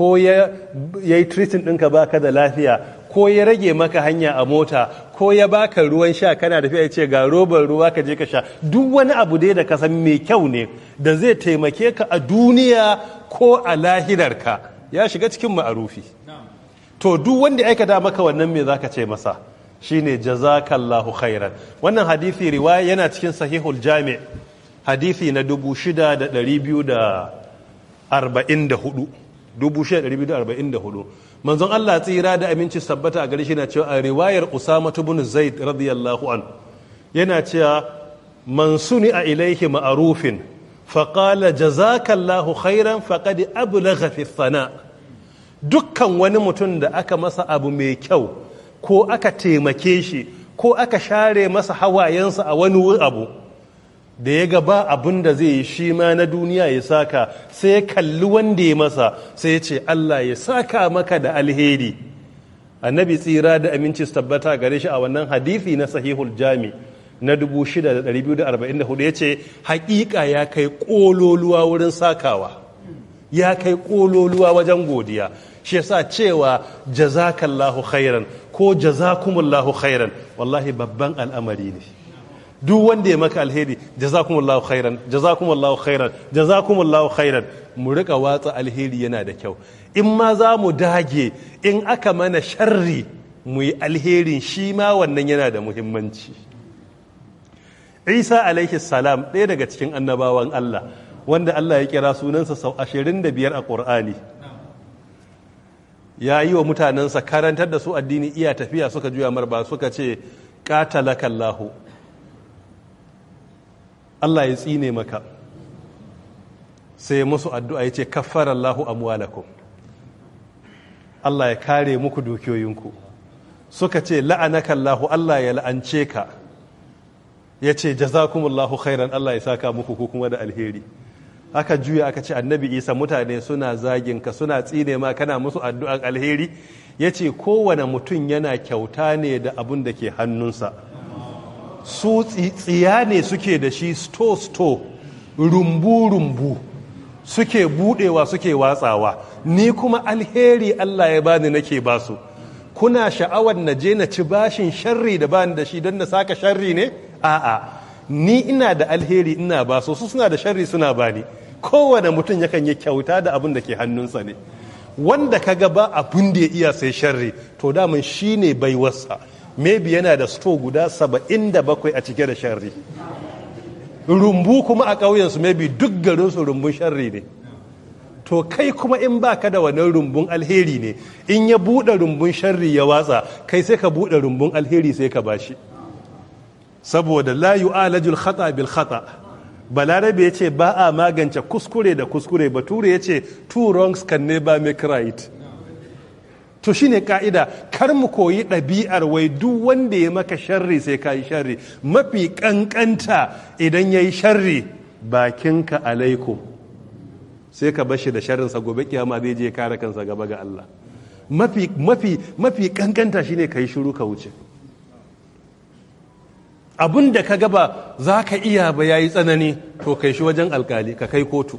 ko ya yi treating ɗinka ba ka da lafiya ko ya rage maka hanya a mota ko ya baka ruwan sha kana tafiya ce ga robar ruwa ka je ka sha duk wani abu dai da ka mai kyau ne da zai taimake ka a duniya ko a lahirarka ya shiga cikin ma'arufi to duk wanda aikata maka wannan me zaka ce masa shine jazakallahu khairan wannan hadisi riwa yana cikin sahihul jami' hadisi na 6244 1244 manzon Allah tsira da aminci sabbata a gari shi na cewa a riwayar Usama ibn Zaid radiyallahu an yana cewa man suni a ilaihi ma'arufin faƙala jazakallahu khairan faqad abu fi sana dukkan wani mutum da aka masa abu mai kyau ko aka taimake shi ko aka share masa hawayensa a wani abu da ya gaba abin da zai yi shi ma na duniya ya saka sai ya kalli wanda ya masa sai ya ce Allah ya saka maka da alheri annabi tsira da aminci su tabbata gare shi a wannan hadithi na sahihul jami na 6244 ya ce hakika ya kai ƙololuwa wurin sakawa ya kai ƙololuwa wajen godiya shi yasa cewa jazakallahu khairan ko jazakumullahu khairan wallahi babban al'amari ne duk wanda ya maka alheri jazakumullahu khairan jazakumullahu khairan jazakumullahu khairan mu rika watsa alheri yana da kyau in ma za mu dage in aka mana sharri mu yi alherin shi ma wannan yana da muhimmanci isa alaihi salam ɗaya daga cikin annabawan allah wanda allah ya kira sunansa sau ashirin da biyar a ƙur'ani ya yi wa mutanensa karantar da su addini iya tafiya suka juya marba suka ce ƙatalakallahu Allah ya tsine maka sai musu addu'a ya ce kaffarallahu amwalakum Allah ya kare muku dukiyoyinku suka ce la'anaka Allah Allah ya la'ance ka ya ce jazakumullahu khairan Allah ya saka muku ko kuma da alheri aka juya aka ce annabi isa mutane suna zagin ka suna tsine ma kana musu addu'an alheri ya ce kowane mutum yana kyauta ne da abun da ke hannunsa su tsiya ne suke da shi sto-sto rumbu-rumbu suke budewa suke watsawa ni kuma alheri Allah ya bani nake basu kuna sha'awar na je na ci bashin sharri da bani da shi don na saka sharri ne a'a ni ina da alheri ina ba su suna da sharri suna bani kowane mutum yakan yi kyauta da abin da ke hannunsa ne wanda ka ga ba abin da ya iya sai sharri to damun shi ne baiwarsa maybe yana da sto guda saba'in da bakwai a cike da shari. rumbu kuma a ƙauyensu maybe duk garinsu rumbun shari ne to kai kuma in baka da wannan rumbun alheri ne in ya buɗe rumbun shari ya watsa kai sai ka buɗe rumbun alheri sai ka bashi saboda la yu'alajul khata bil khata balarabe ya ce ba a magance kuskure da kuskure bature ya ce two wrongs can never make right to shine ka'ida kar mu koyi ɗabi'ar wai duk wanda ya maka sharri sai ka yi sharri mafi ƙanƙanta idan ya yi sharri bakinka alaikum sai ka bashi da sharrinsa gobe kiyama zai je kare kansa gaba ga Allah mafi mafi mafi ƙanƙanta shine ka yi shiru ka wuce abin da ka gaba za ka iya ba ya yi tsanani to kai shi wajen alkali ka kai kotu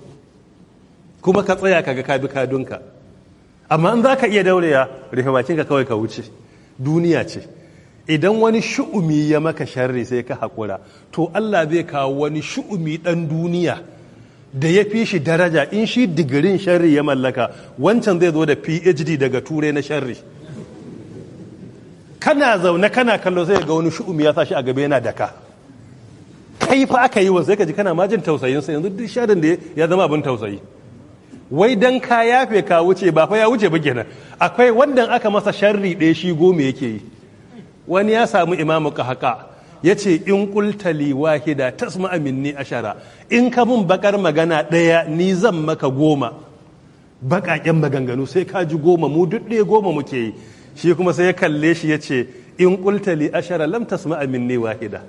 kuma ka tsaya ka ga bi kadunka amma in za ka iya daurewa rufe ka kawai ka wuce duniya ce idan wani shu'umi ya maka sharri sai ka haƙura to Allah zai kawo wani shu'umi ɗan duniya da ya fi shi daraja in shi digirin sharri ya mallaka wancan zai zo da phd daga turai na sharri kana zaune kana kallo sai ga wani shu'umi ya sa shi a gaba yana daka kai fa aka yi wa sai ka ji kana majin tausayin sa yanzu duk sharin da ya zama abin tausayi wai dan ka yafe ka wuce ba fa ya wuce ba kenan akwai wanda aka masa sharri ɗaya shi goma yake yi wani ya samu imamu kahaka ya ce in kultali wahida tasma a ashara in ka mun bakar magana ɗaya ni zan maka goma baƙaƙen maganganu sai ka ji goma mu duk goma muke yi shi kuma sai ya kalle shi ya ce in kultali ashara lam su aminni wahida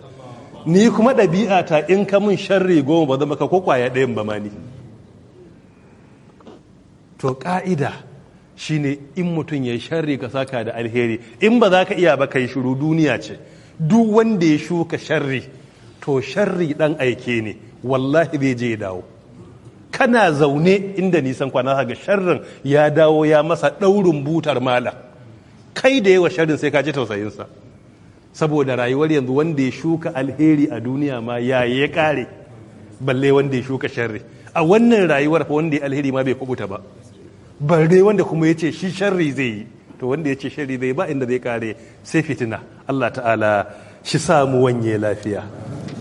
ni kuma ɗabi'ata in ka mun sharri goma ba zan maka ko kwaya ɗayan ba ma ni to ƙa'ida shine in mutum ya sharri ka saka da alheri in ba za ka iya ba kai shiru duniya ce duk wanda ya shuka sharri to sharri dan aike ne wallahi zai je dawo kana zaune inda nisan kwana ga sharrin ya dawo ya masa ɗaurin butar mala kai da yawa sharrin sai ka ji tausayinsa saboda rayuwar yanzu wanda ya shuka alheri a duniya ma ya ya kare balle wanda ya shuka sharri a wannan rayuwar fa wanda ya alheri ma bai kubuta ba bare wanda kuma ya ce shi sharri zai yi to wanda ya ce sharri zai ba inda zai kare sai fitina Allah ta'ala shi samu wanye lafiya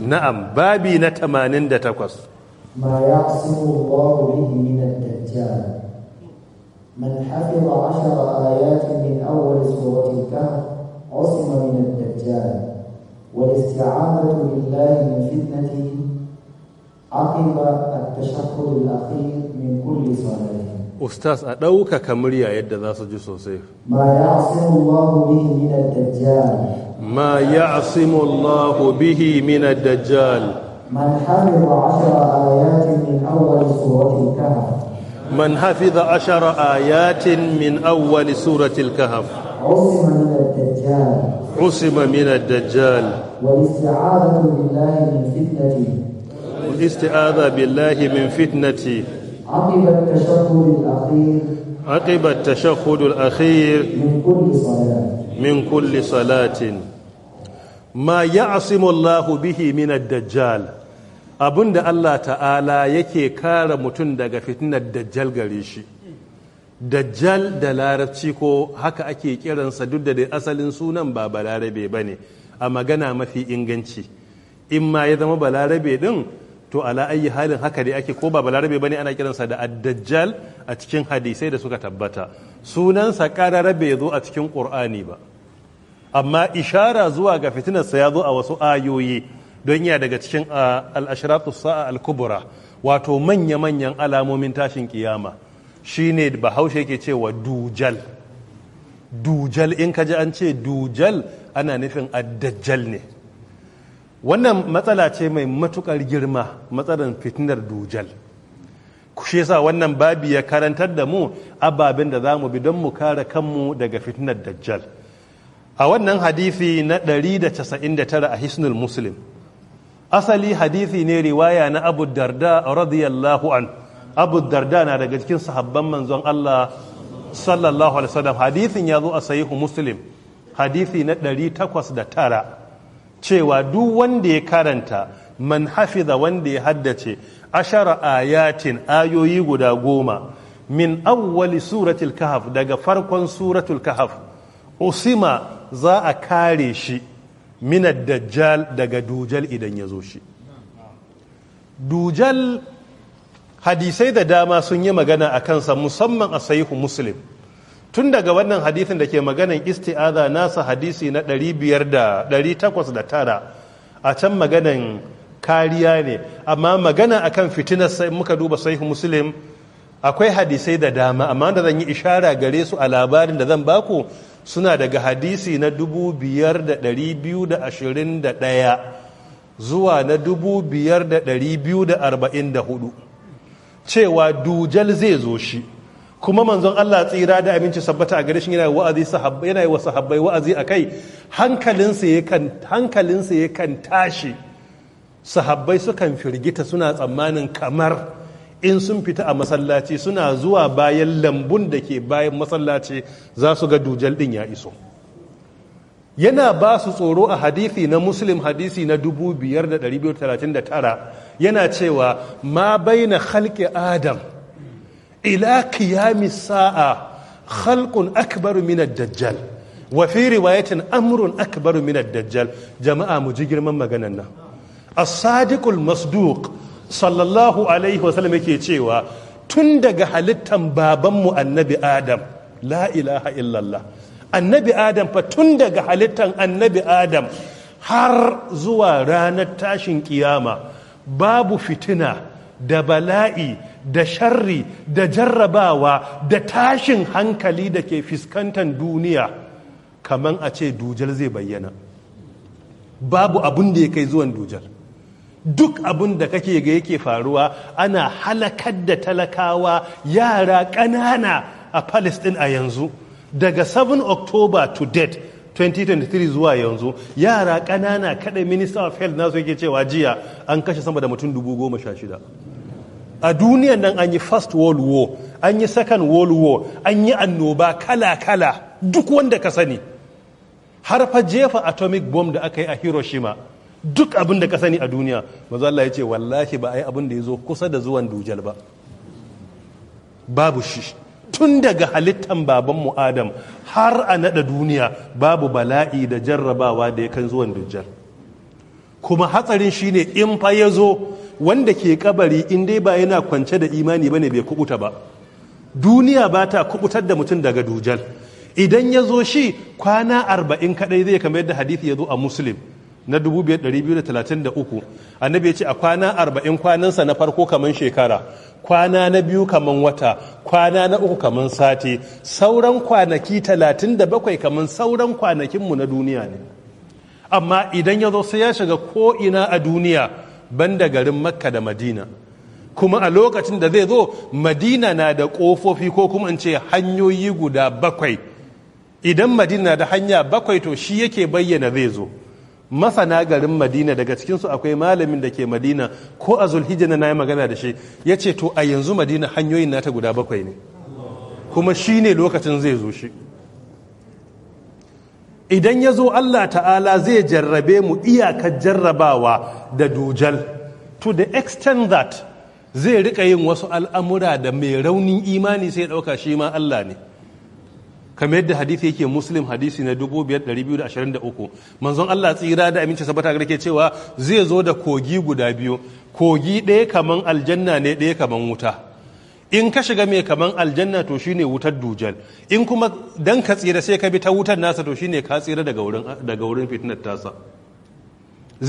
na'am babi na 88 ما يعصم الله به من الدجال من حفظ عشر آيات من أول سورة الكهف عصم من الدجال والاستعانة بالله من فتنته عقب التشهد الأخير من كل صلاة ustaz a ɗaukaka murya yadda za su ji sosai ma ya asimu allahu bihi min dajjal man hafiza ashara ayatin min awwali suratil kahf عصم من الدجال والاستعاذة بالله من فتنته والاستعاذة بالله من فتنته عقب التشهد الأخير عقب التشهد الأخير من كل صلاة من كل صلاة ما يعصم الله به من الدجال Allah ta'ala yake kare mutum daga fitinar dajjal gare shi dajjal da larabci ko haka ake kiransa duk da asalin sunan ba balarabe ba ne a magana mafi inganci in ma ya zama balarabe din to ala ayi halin haka dai ake ko ba balarabe bane ana kiransa da ad a cikin hadisai da suka tabbata sunansa karara bai zo a cikin qur'ani ba amma ishara zuwa ga fitinarsa ya zo a wasu ayoyi don ya daga cikin al-ashratu sa'a al-kubra wato manya-manyan alamomin tashin kiyama shine bahaushe yake cewa dujal dujal in ka ji an ce dujal ana nufin ad-dajjal ne wannan matsala ce mai matukar girma matsalar fitinar dujal shi yasa wannan babi ya karantar da mu ababen da za mu bi don mu kare kanmu daga fitinar dajjal a wannan hadisi na 199 a hisnul muslim asali hadisi ne riwaya na abu darda radiyallahu an abu darda na daga cikin sahabban manzon allah sallallahu alaihi wasallam hadisin ya zo a sahihu muslim hadisi na 809 cewa duk wanda ya karanta man hafiza wanda ya haddace ashara ayatin ayoyi guda goma min awwali suratul kahf daga farkon suratul kahf usima za a kare shi minad dajjal daga dujal idan yazo shi dujal hadisai da dama sun yi magana a kansa musamman a sahihu muslim tun daga wannan hadisin da ke maganan isti'aza nasa hadisi na tara, a can maganan kariya ne amma magana akan fitinar sai muka duba sahihu muslim akwai hadisai da dama amma da zan yi ishara gare su a labarin da zan baku suna daga hadisi na 5221 zuwa na 5244 cewa dujal zai zo shi kuma manzon Allah tsira da aminci sabbata a gare shi yana wa'azi sahabbai yana wa sahabbai wa'azi akai hankalinsa yakan hankalinsa yakan tashi sahabbai sukan firgita suna tsammanin kamar in sun fita a masallaci suna zuwa bayan lambun da ke bayan masallaci za su ga dujal din ya iso yana ba su tsoro a hadisi na muslim hadisi na 5239 yana cewa ma bai na adam ila qiyami sa'a khalqun akbar min ad-dajjal wa fi riwayatin amrun akbar min ad-dajjal jama'a mu ji girman maganan nan as-sadiqul masduq sallallahu alaihi sallam yake cewa tun daga halittan babanmu annabi adam la ilaha illallah annabi adam fa tun daga halittan annabi adam har zuwa ranar tashin kiyama babu fitina da bala'i da sharri da jarrabawa da tashin hankali da ke fiskantar duniya kamar a ce dujal zai bayyana babu abin da ya kai zuwan dujal duk abin da kake ga yake faruwa ana halakar da talakawa yara ƙanana a palestine a yanzu daga 7 october to date 2023 zuwa yanzu yara ƙanana kada minister of health nasu yake cewa jiya an kashe sama da mutum shida. a duniyan nan an yi first world war an yi second world war an yi annoba kala-kala duk wanda ka sani har fa jefa atomic bomb da aka yi a hiroshima duk abin da ka sani a duniya maza Allah ya ce wallahi ba a yi abin da ya zo kusa da zuwan dujal ba babu shi tun daga halittan babanmu adam har a nada duniya babu bala'i da jarrabawa da ya kan zuwan dujal kuma hatsarin shine in fa ya zo wanda ke kabari in dai ba yana kwance da imani bane bai kubuta ba duniya ba ta kubutar da mutum daga dujal idan ya zo shi kwana arba'in kadai zai kamar yadda hadithi ya zo a muslim na 2233 annabi ya ce a kwana arba'in kwanansa na farko kamar shekara kwana na biyu kamar wata kwana na uku kamar sati sauran kwanaki talatin da bakwai kamar sauran kwanakinmu na duniya ne amma idan ya zo sai ya shiga ko'ina a duniya banda garin makka da madina kuma a lokacin da zai zo madina na da ƙofofi ko kuma in ce hanyoyi guda bakwai idan madina da hanya bakwai to shi yake bayyana zai zo masana garin madina daga cikinsu akwai malamin da ke madina ko a zulhijjana na yi magana da shi ya ce to a yanzu madina hanyoyin nata guda bakwai ne kuma shi ne lokacin zai zo shi idan ya zo Allah ta'ala zai jarrabe mu iyakar jarrabawa da dujal to the extent that zai rika yin wasu al'amura da mai raunin imani sai ɗauka shi ma Allah ne kamar yadda hadisi yake muslim hadisi na 2223 manzon Allah tsira da aminci sabata ga ke cewa zai zo da kogi guda biyu kogi ɗaya kaman aljanna ne ɗaya kaman wuta in ka shiga mai kaman aljanna to shine wutar dujal in kuma dan ka tsira sai ka bi ta wutar nasa to shine ka tsira daga wurin daga wurin fitnar tasa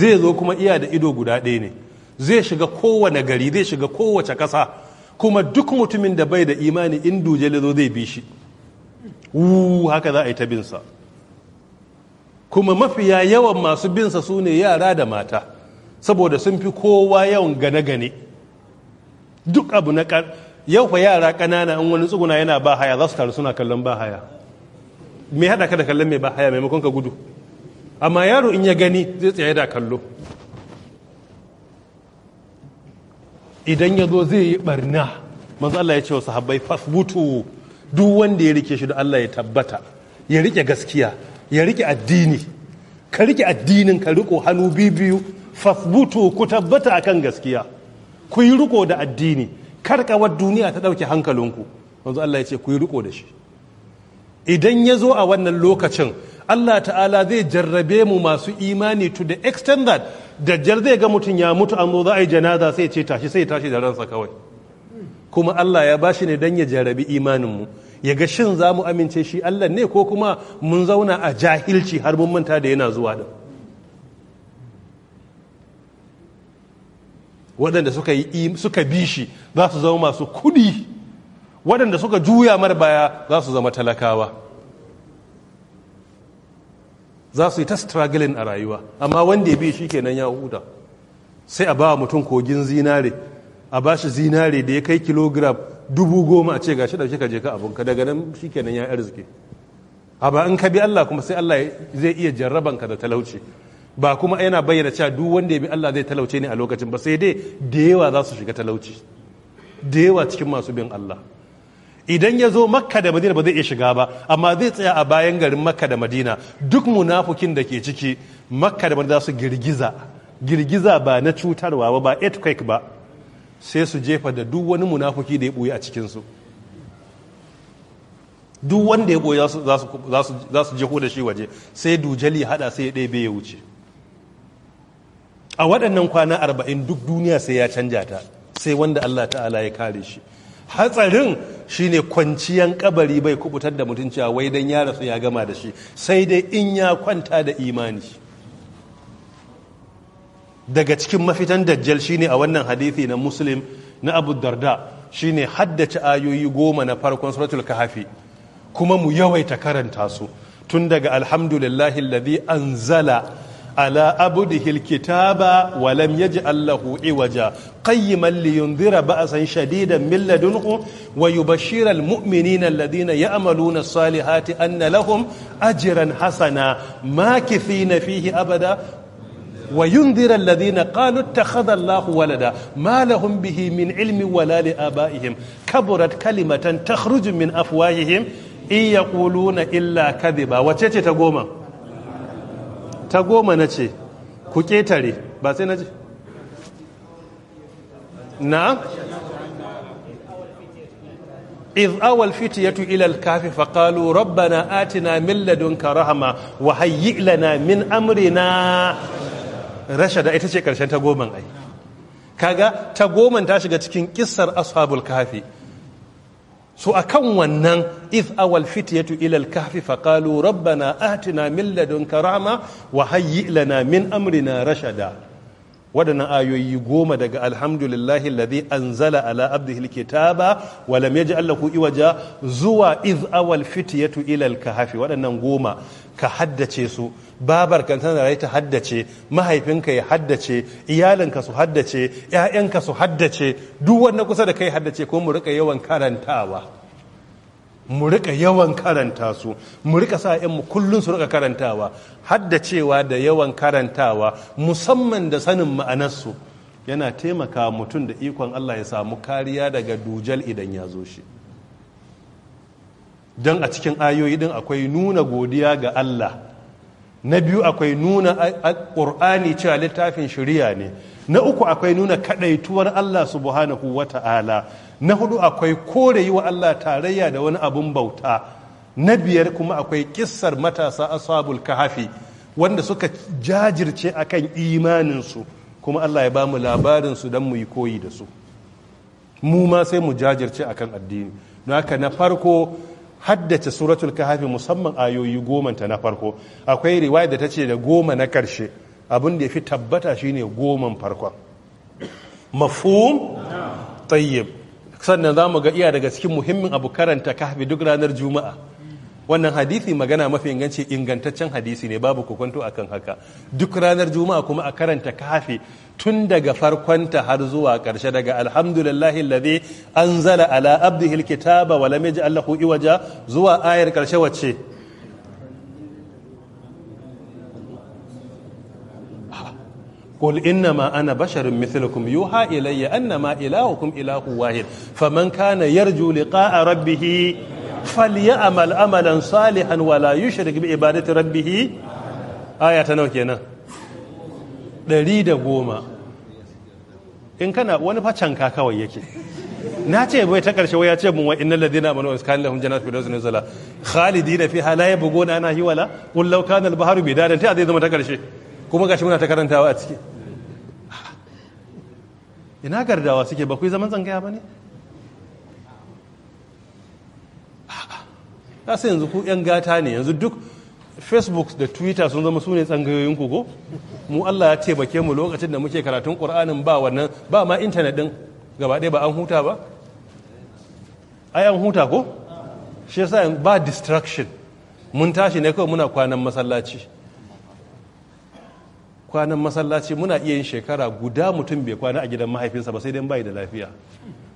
zai zo kuma iya da ido guda ɗaya ne zai shiga kowane gari zai shiga kowace ƙasa kuma duk mutumin da bai da imani in dujal zo zai bi shi haka za a yi ta binsa kuma mafiya yawan masu binsa su ne yara da mata saboda sun fi kowa yawan gane-gane duk abu na yau fa yara ƙanana in wani tsuguna yana ba haya za su taru suna kallon ba haya me haɗa ka da kallon mai ba haya maimakon ka gudu amma yaro in ya gani zai tsaye da kallo idan ya zo zai yi barna manzo Allah ya ce wa sahabbai fasbutu duk wanda ya rike shi da Allah ya tabbata ya rike gaskiya ya rike addini ka rike addinin ka riko hannu biyu fasbutu ku tabbata akan gaskiya ku yi riko da addini karkawar duniya ta ɗauke hankalinku wanzu Allah ya ce ku yi riko da shi idan ya zo a wannan lokacin Allah ta'ala zai jarrabe mu masu imani to the extent that dajjal zai ga mutum ya mutu an zo za a yi janaza sai ce tashi sai tashi da ransa kawai kuma Allah ya bashi ne dan ya jarrabi imanin mu ya ga shin za mu amince shi Allah ne ko kuma mun zauna a jahilci har mun manta da yana zuwa din waɗanda suka yi suka bi shi za su zama masu kuɗi waɗanda suka juya mara baya za su zama talakawa za su yi ta struggling a rayuwa amma wanda ya bi shi kenan ya huta sai a ba wa mutum kogin zinare a ba shi zinare da ya kai kilogram dubu goma a ce gashi ɗauke ka je ka daga nan shi kenan ya arziki a ba in ka bi Allah kuma sai Allah zai iya jarrabanka da talauci ba kuma yana bayyana cewa duk wanda ya bi Allah zai talauce ne a lokacin ba sai dai da yawa za su shiga talauci da yawa cikin masu bin Allah idan ya zo makka da madina ba zai iya shiga ba amma zai tsaya a bayan garin makka da madina duk munafukin da ke ciki makka da madina za su girgiza girgiza ba na cutarwa ba ba earthquake ba sai su jefa da duk wani munafuki da ya ɓoye a cikinsu duk wanda ya ɓoye za su jeho da shi waje sai dujali hada sai ya ɗebe ya wuce a waɗannan kwana arba'in duk duniya sai ya canja ta sai wanda Allah ta'ala ya kare shi hatsarin shine kwanciyan kabari bai kubutar da mutum cewa wai dan ya rasu ya gama da shi sai dai in ya kwanta da imani daga cikin mafitan dajjal shine a wannan hadithi na muslim na abu darda shine haddace ayoyi goma na farkon suratul kahafi kuma mu yawaita karanta su tun daga alhamdulillahi alladhi anzala ala abudihil kitaba wa lam yaj'al lahu iwaja qayyiman liyunzira ba'san shadidan min ladunhu wa yubashshira almu'minina na ya'maluna as-salihati anna lahum ajran hasana ma kifina fihi abada wa yunzira alladhina qalu ittakhadha allahu walada ma lahum bihi min ilmin wala li abaihim kabarat kalimatan takhruju min afwahihim in yaquluna illa kadiba. Wace ce ta goma ta goma na ce ku ketare ba sai na ce na iz awal fitiyatu ila alkafi fa qalu rabbana atina min ladunka rahama, wa hayyi lana min amrina rashada ita ce karshen ta goma ai kaga ta goman ta shiga cikin kissar ashabul kafi so akan wannan iz awal fityatu ila al-kahfi na rabbana atina min ladunka rahma wa hayyi lana min amrina rashada wadannan ayoyi goma daga alhamdulillahi alladhi anzala ala abdihi al-kitaba wa lam yaj'al lahu iwaja zuwa iz awal fitiyatu ilal al-kahfi wadannan goma ka haddace su babarka tana rayu ta haddace mahaifinka ya haddace iyalinka su haddace ƴaƴanka su haddace duk wanda kusa da kai haddace ko mu rika yawan karantawa mu rika yawan karanta su mu rika sa ƴan mu kullun su rika karantawa haddacewa da yawan karantawa musamman da sanin ma'anarsu yana taimaka mutum da ikon Allah ya samu kariya daga dujal idan ya zo shi don a cikin ayoyi din akwai nuna godiya ga Allah na biyu akwai nuna ƙur'ani cewa littafin shari'a ne na uku akwai nuna kaɗaituwar Allah subhanahu wa ta'ala na hudu akwai kore yi wa Allah tarayya da wani abun bauta na biyar kuma akwai kissar matasa ashabul kahafi wanda suka jajirce akan imaninsu kuma Allah ya ba mu labarin su don mu yi koyi da su mu ma sai mu jajirce akan addini don haka na farko haddace suratul kahafi musamman ayoyi goma ta na farko akwai riwaya da ta ce da goma na karshe abin da ya fi tabbata shine goman farkon mafhum tayyib sannan za mu ga iya daga cikin muhimmin abu karanta kahfi duk ranar juma'a wannan hadisi magana mafi inganci ingantaccen hadisi ne babu kokonto akan haka duk ranar juma'a kuma a karanta kafi tun daga farkonta har zuwa karshe daga alhamdulillahi an anzala ala abdihi alkitaba wa lam allahu lahu iwaja zuwa ayar karshe wacce قل إنما أنا بشر مثلكم يوحى إلي أنما إلهكم إله واحد فمن كان يرجو لقاء ربه falyamal amalan salihan wala yushrik bi ibadati rabbih aya ta nawa kenan 110 in kana wani ka kawai yake na ce bai ta karshe wai ya ce mun wa innal ladina amanu wa iskan lahum jannatu firdaus zala khalidina fiha la yabghuna ana hiwala qul law kana al bahru bidadan ta zai zama ta karshe kuma gashi muna ta karantawa a ciki ina gardawa suke ba ku zaman tsangaya bane kasa yanzu ku 'yan gata ne yanzu duk facebook da twitter sun zama sune tsangayoyin ku ko mu allah ya taimake mu lokacin da muke karatun qur'anin ba wannan ba ma intanet din gaba ɗaya ba an huta ba ai an huta ko shi yasa ba distraction mun tashi ne kawai muna kwanan masallaci kwanan masallaci muna iya yin shekara guda mutum bai kwana a gidan mahaifinsa ba sai dai bai da lafiya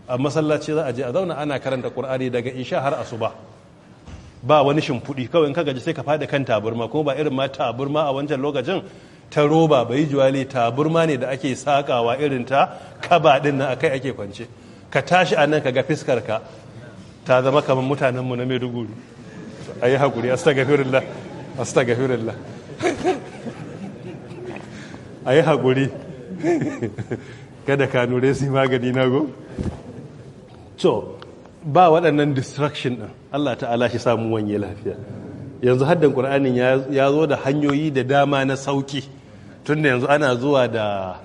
a masallaci za a je a zauna ana karanta qur'ani daga isha har asuba ba wani shimfiɗi kawai ka gaji sai ka faɗi kan taburma kuma ba irin ma taburma a wancan lokacin ta roba bai juwale taburma ne da ake sakawa irin ta kaba din nan akai ake kwance ka tashi a nan ka ga fiskar ka ta zama kamar mutanenmu na maiduguri a yi haƙuri a kada ka nure su magani na go ba waɗannan distraction ɗin Allah ta'ala shi samu wanye lafiya yanzu haddan ƙur'anin ya zo da hanyoyi da dama na sauki tun da yanzu ana zuwa da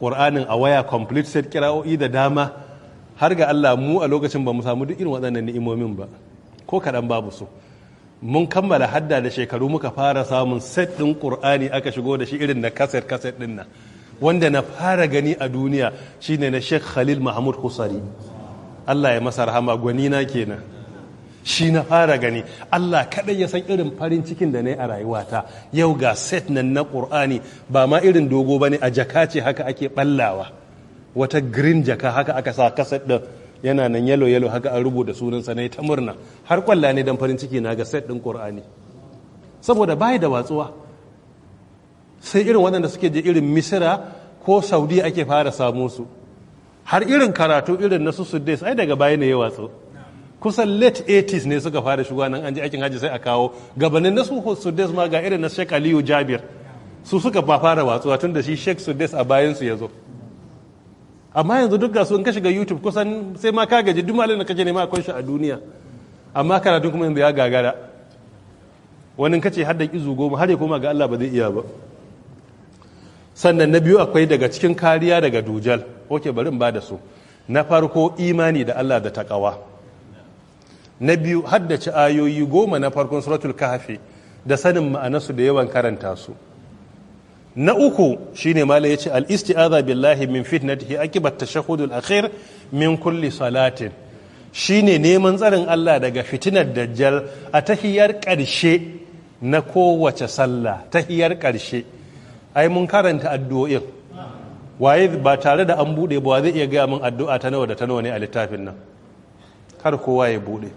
ƙur'anin a waya complete set kira'o'i da dama har ga Allah mu a lokacin ba mu samu duk irin waɗannan ni'imomin ba ko kaɗan babu su mun kammala hadda da shekaru muka fara samun set ɗin ƙur'ani aka shigo da shi irin na kaset kaset ɗin nan wanda na fara gani a duniya shine na Sheikh Khalil Mahmud Husari Allah ya masa rahama gwani na kenan shi na fara gani Allah kaɗai ya san irin farin cikin da na yi a rayuwata yau ga set nan na ƙur'ani ba ma irin dogo ba ne a jaka ce haka ake ɓallawa wata green jaka haka aka sa kaset ɗin yana nan yalo yalo haka an rubuta sunansa na yi ta murna har kwalla ne don farin ciki na ga set ɗin ƙur'ani saboda bayi da watsuwa sai irin waɗanda suke je irin misira ko saudi ake fara samu su har irin karatu irin na su ai daga baya ne ya watsu kusan late 80s ne suka fara shiga nan an je aikin haji sai a kawo gabanin na su sudais ma ga irin na sheikh aliyu jabir su suka ba fara watsuwa tun da shi sheikh sudais a bayansu ya zo amma yanzu duk gasu in ka shiga youtube kusan sai ma ka gaji duk malin da kake nema akwai shi a duniya amma karatun kuma yanzu ya gagara wani kace har da izu goma har ya koma ga allah ba zai iya ba sannan na biyu akwai daga cikin kariya daga dujal oke bari in ba da su na farko imani da Allah da takawa na biyu haddace ayoyi goma na farkon suratul kahafi da sanin ma'anasu da yawan karanta su na uku shine mala yace al isti'aza billahi min fitnatihi akibat tashahudul akhir min kulle salatin shine neman tsarin Allah daga fitinar dajjal a tahiyar ƙarshe na kowace sallah tahiyar ƙarshe ai mun karanta addu'o'in waye ba tare da an bude ba zai iya gaya min addu'a ta nawa da ta nawa ne a littafin nan kar kowa ya bude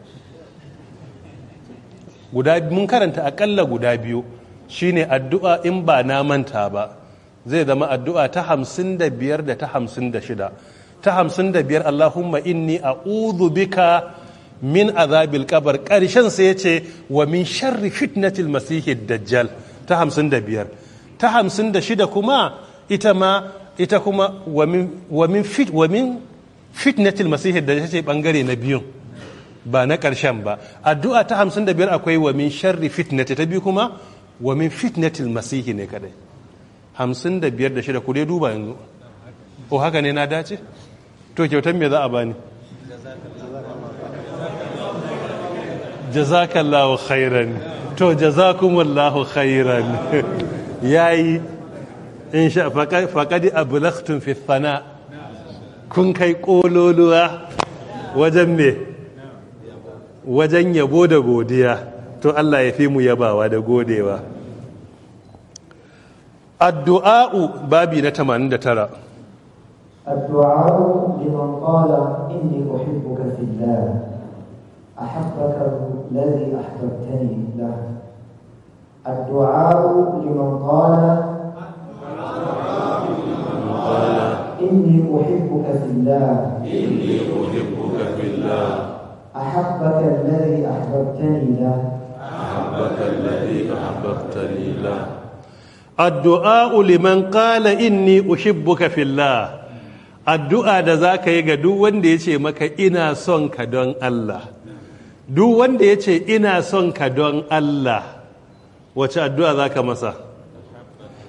guda mun karanta akalla guda biyu shine addu'a in ba na manta ba zai zama addu'a ta hamsin da biyar da ta hamsin da shida ta hamsin da biyar Allahumma inni a bika min azabil kabar karshen sai ya ce wa min sharri fitnatil masihid dajjal ta hamsin da biyar ta hamsin da shida kuma ita ma ita kuma wamin fit wamin fitnatil masihid da ta ce bangare na biyun ba na ƙarshen ba addu'a ta hamsin da biyar akwai wamin sharri fitnati ta biyu kuma wamin fitnatil masihi ne kadai hamsin da biyar da shida kudai duba yanzu o haka ne na dace to kyautar me za a bani jazakallahu khairan to jazakumullahu khairan yayi in sha faƙaɗi a fi fiffana, kun kai ƙololuwa wajen me wajen yabo da godiya to Allah ya fi mu yabawa da godewa addu'a'u babi na 89 addu'a'u liman qala inni uhibbuka fillah ahabbaka alladhi ahbabtani lahu الدعاء لمن قال إني أحبك في الله إني أحبك في الله أحبك الذي أحببتني له أحبك الذي أحببتني له addu'a liman qala inni uhibbuka fillah addu'a da zaka yi ga duk wanda ce maka ina son ka don Allah duk wanda ce ina son ka don Allah wace addu'a za ka masa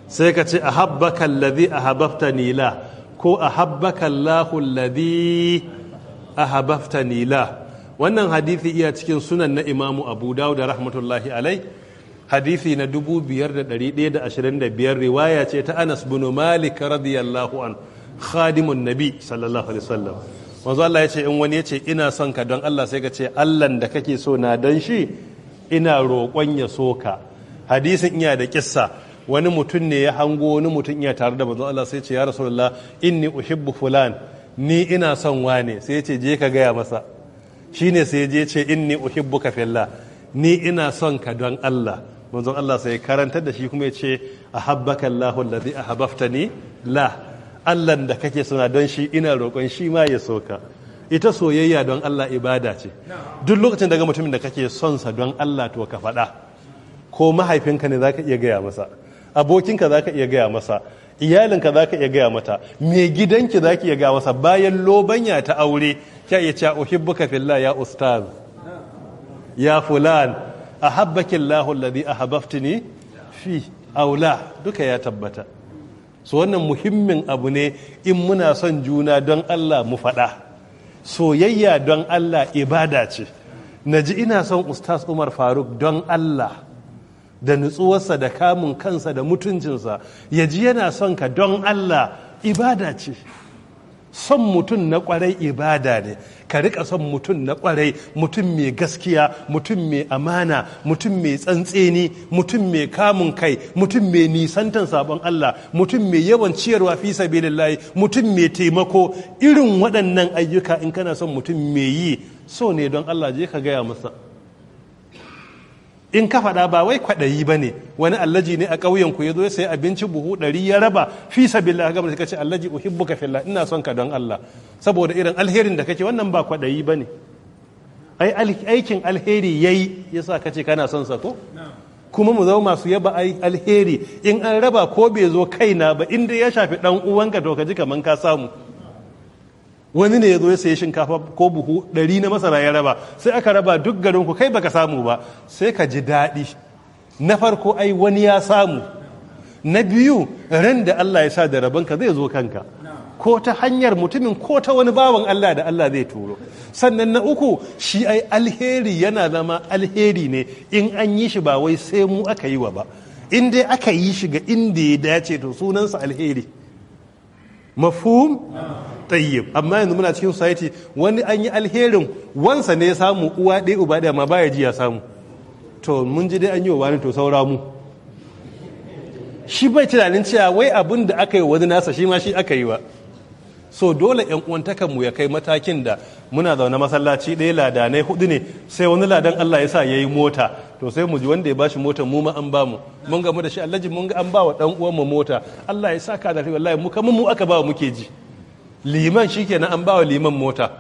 sai ka ce a habbaka a ahabbta nila ko a habbaka allahu a ahabbta nila wannan hadithi iya cikin sunan na imamu abu dawud rahmatullahi alai hadithi na 5125 riwaya ce ta anas bin malik radiyallahu an khadimun nabi sallallahu alaihi wasallam manzo Allah ya ce in wani ya ce ina son ka don Allah sai ka ce Allah da kake so na dan shi ina roƙon ya so ka hadisin iya da kissa wani mutum ne ya hango wani mutum iya tare da manzon Allah sai ce ya rasulullah inni uhibbu fulan ni ina son wane sai ce je ka gaya masa shine sai je ce inni ka fillah ni ina son ka don Allah manzon Allah sai karantar da shi kuma ya ce ahabbaka Allahu allazi ni la Allah da kake suna don shi ina roƙon shi ma ya soka ita soyayya don Allah ibada ce duk lokacin daga mutumin da kake son sa don Allah to ka faɗa ko mahaifinka ne za ka iya gaya masa abokinka za ka iya gaya masa iyalinka za ka iya gaya mata mai gidanki za ka iya gaya masa bayan lobanya ta aure kya iya cewa uhibbuka fillah ya ustaz ya fulan ahabbaki alladhi ahabbtini fi aula duka ya tabbata so wannan muhimmin abu ne in muna son juna don Allah mu faɗa soyayya don Allah ibada ce naji ina son ustaz Umar Faruk don Allah da nutsuwarsa da kamun kansa da mutuncinsa ya ji yana son ka don Allah ibada ce son mutum na kwarai ibada ne ka rika son mutum na kwarai mutum mai gaskiya mutum mai amana mutum mai tsantseni mutum mai kamun kai mutum mai nisantan sabon Allah mutum mai yawan ciyarwa fi sabilillahi mutum mai taimako irin waɗannan ayyuka in kana son mutum mai yi so ne don Allah je ka gaya masa in ka faɗa ba wai kwaɗayi ba ne wani allaji ne a ƙauyen ku ya zo ya sayi abinci buhu ɗari ya raba fi sabilillah ga ka ce allaji ka fillah ina son ka don Allah saboda irin alherin da kake wannan ba kwaɗayi ba ne ai aikin alheri ya ya yi yayi yasa kace kana son sa ko kuma mu zama masu yaba alheri in an raba ko bai zo kaina ba inda ya shafi ɗan uwanka to ka ji kaman ka samu wani ne ya zo ya sayi shinkafa ko buhu ɗari na masara ya raba sai aka raba duk garin ku kai baka samu ba sai ka ji daɗi na farko ai wani ya samu na biyu ran da Allah ya sa da rabanka zai zo kanka ko ta hanyar mutumin ko ta wani bawan Allah da Allah zai turo sannan na uku shi ai alheri yana zama alheri ne in an yi shi ba wai sai mu aka yi wa ba in dai aka yi shi ga inda ya dace to sunansa alheri mafhum tayyib amma yanzu muna cikin society wani an yi alherin wansa ne ya samu uwa ɗaya uba ɗaya ma baya ji ya samu to mun ji dai an yi wa wani to saura mu shi bai tunanin cewa wai abin da aka yi wani nasa shi ma shi aka yi wa so dole yan uwantakan mu ya kai matakin da muna zaune masallaci ɗaya ladanai hudu ne sai wani ladan Allah ya sa ya yi mota to sai mu ji wanda ya bashi mota mu ma an ba mu mun gamu da shi Allah mun ga an ba wa dan uwan mu mota Allah ya saka da wallahi mu kamar mu aka ba muke ji liman na an bawa liman mota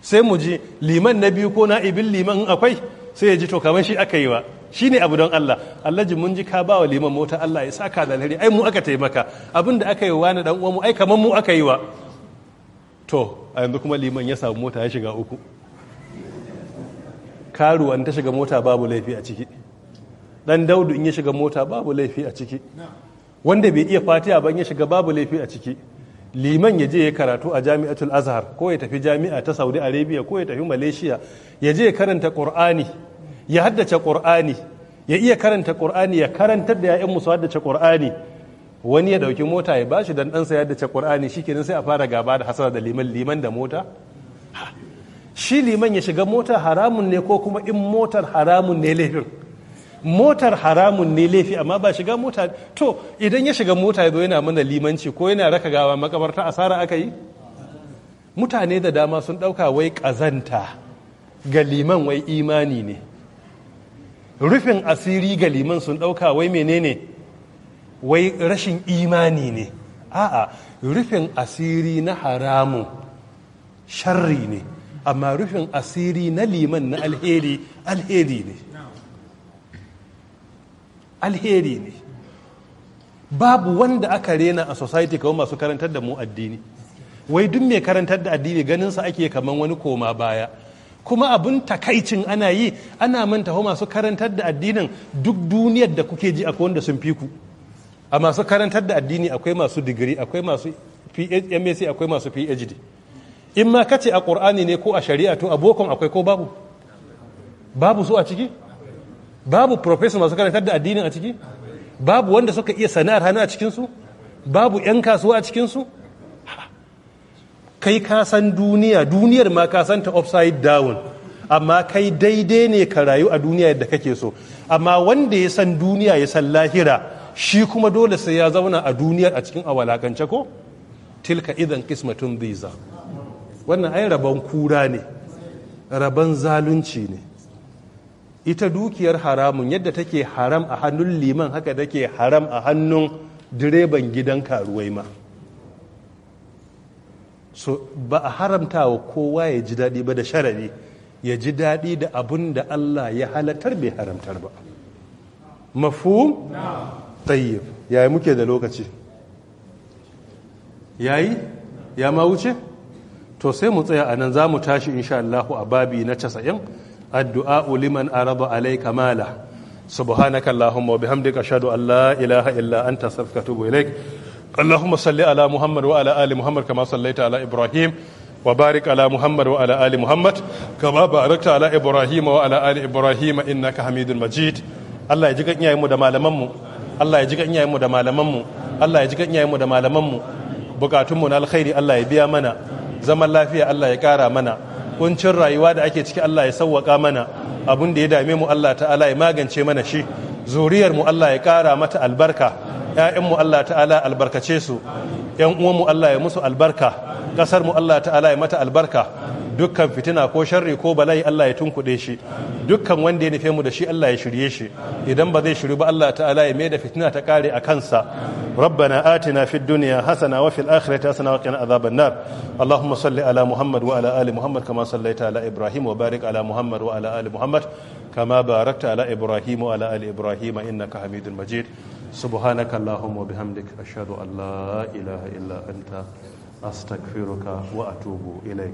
sai mu ji liman na biyu ko na'ibin liman akwai sai ya ji to kamar shi aka yi wa shi ne abu don Allah allaji mun ji ka bawa wa liman mota Allah ya saka da alheri ai mu aka taimaka abin da aka yi wa na dan mu ai kamar mu aka yi wa to a yanzu kuma liman ya samu mota ya shiga uku Karu an ta shiga mota babu laifi a ciki dan daudu in ya shiga mota babu laifi a ciki wanda bai iya fatiya ban ya shiga babu laifi a ciki liman ya je ya karatu a jami'atul azhar ko ya tafi jami'a ta saudi arabia ko ya tafi malaysia ya je ya karanta qur'ani ya haddace qur'ani ya iya karanta qur'ani ya karantar da ya'yan musu haddace qur'ani wani ya dauki mota ya bashi dan ɗansa ya haddace qur'ani shikenan sai a fara gaba da hasara da liman liman da mota shi liman ya shiga mota haramun ne ko kuma in motar haramun ne laifin motar haramun ne laifi amma ba shiga mota to idan ya shiga mota ya zo yana mana limanci ko yana raka gawa makabarta asara aka yi mutane da dama sun ɗauka wai ƙazanta ga liman wai imani ne rufin asiri ga liman sun ɗauka wai menene wai rashin imani ne a'a rufin asiri na haramun sharri ne amma rufin asiri na liman na alheri alheri ne alheri ne babu wanda aka rena a society kawai masu karantar da mu addini wai duk mai karantar da addini ganin sa ake kaman wani koma baya kuma abin takaicin ana yi ana manta masu karantar da addinin duk duniyar da kuke ji akwai wanda sun fi ku a masu karantar da addini akwai masu digiri akwai masu MSc akwai masu PhD in ma kace a Qur'ani ne ko a shari'a to abokan akwai ko babu babu su a ciki babu professor masu karantar da addinin a ciki babu wanda suka iya sana'ar hannu a cikinsu babu 'yan kasuwa a cikinsu kai ka san duniya duniyar ma ka san ta upside down amma kai daidai ne ka rayu a duniya yadda kake so amma wanda ya san duniya ya san lahira shi kuma dole sai ya zauna a duniyar a cikin awalakance ko tilka idan kismatun ziza wannan ai rabon kura ne rabon zalunci ne ita dukiyar haramun yadda take haram a hannun liman haka take haram a hannun direban gidan karuwai ma so ba a haramta wa kowa ya ji daɗi ba da sharari ya ji daɗi da abun da Allah ya halatar bai haramtar ba mafu? Tsaye. yayi muke da lokaci yayi ya ma wuce to sai mu tsaya a nan za mu tashi insha Allahu a babi na casa'in addu'a liman araba alayka mala subhanaka allahumma wa bihamdika ashhadu an la ilaha illa anta astaghfiruka wa اللهم صل على محمد وعلى ال محمد كما صليت على ابراهيم وبارك على محمد وعلى ال محمد كما باركت على ابراهيم وعلى ال ابراهيم انك حميد مجيد الله يجيك iyayenmu da malamanmu Allah ya jiga iyayenmu da malamanmu Allah ya jiga iyayenmu da malamanmu bukatunmu na alkhairi Allah ya biya mana zaman lafiya Allah ya kara mana kuncin rayuwa da ake ciki Allah ya sauwaƙa mana abin da ya dame mu Allah ta'ala ya magance mana shi zuriyar mu Allah ya kara mata albarka ƴaƴan mu Allah ta'ala albarkace su ƴan uwan mu Allah ya musu albarka ƙasar mu Allah ta'ala ya mata albarka dukkan fitina ko sharri ko bala'i Allah ya tunkuɗe shi dukkan wanda ya nufe mu da shi Allah ya shirye shi idan ba zai shiru ba Allah ta'ala ya mai da fitina ta kare a kansa rabbana atina fid dunya hasana wa fil akhirati hasana wa qina adhaban nar allahumma salli ala muhammad wa ala ali muhammad kama sallaita ala ibrahim wa barik ala muhammad wa ala ali muhammad kama barakta ala ibrahim wa ala ali ibrahim innaka hamidul majid subhanaka allahumma wa bihamdika ashhadu an la ilaha illa anta أستغفرك وأتوب إليك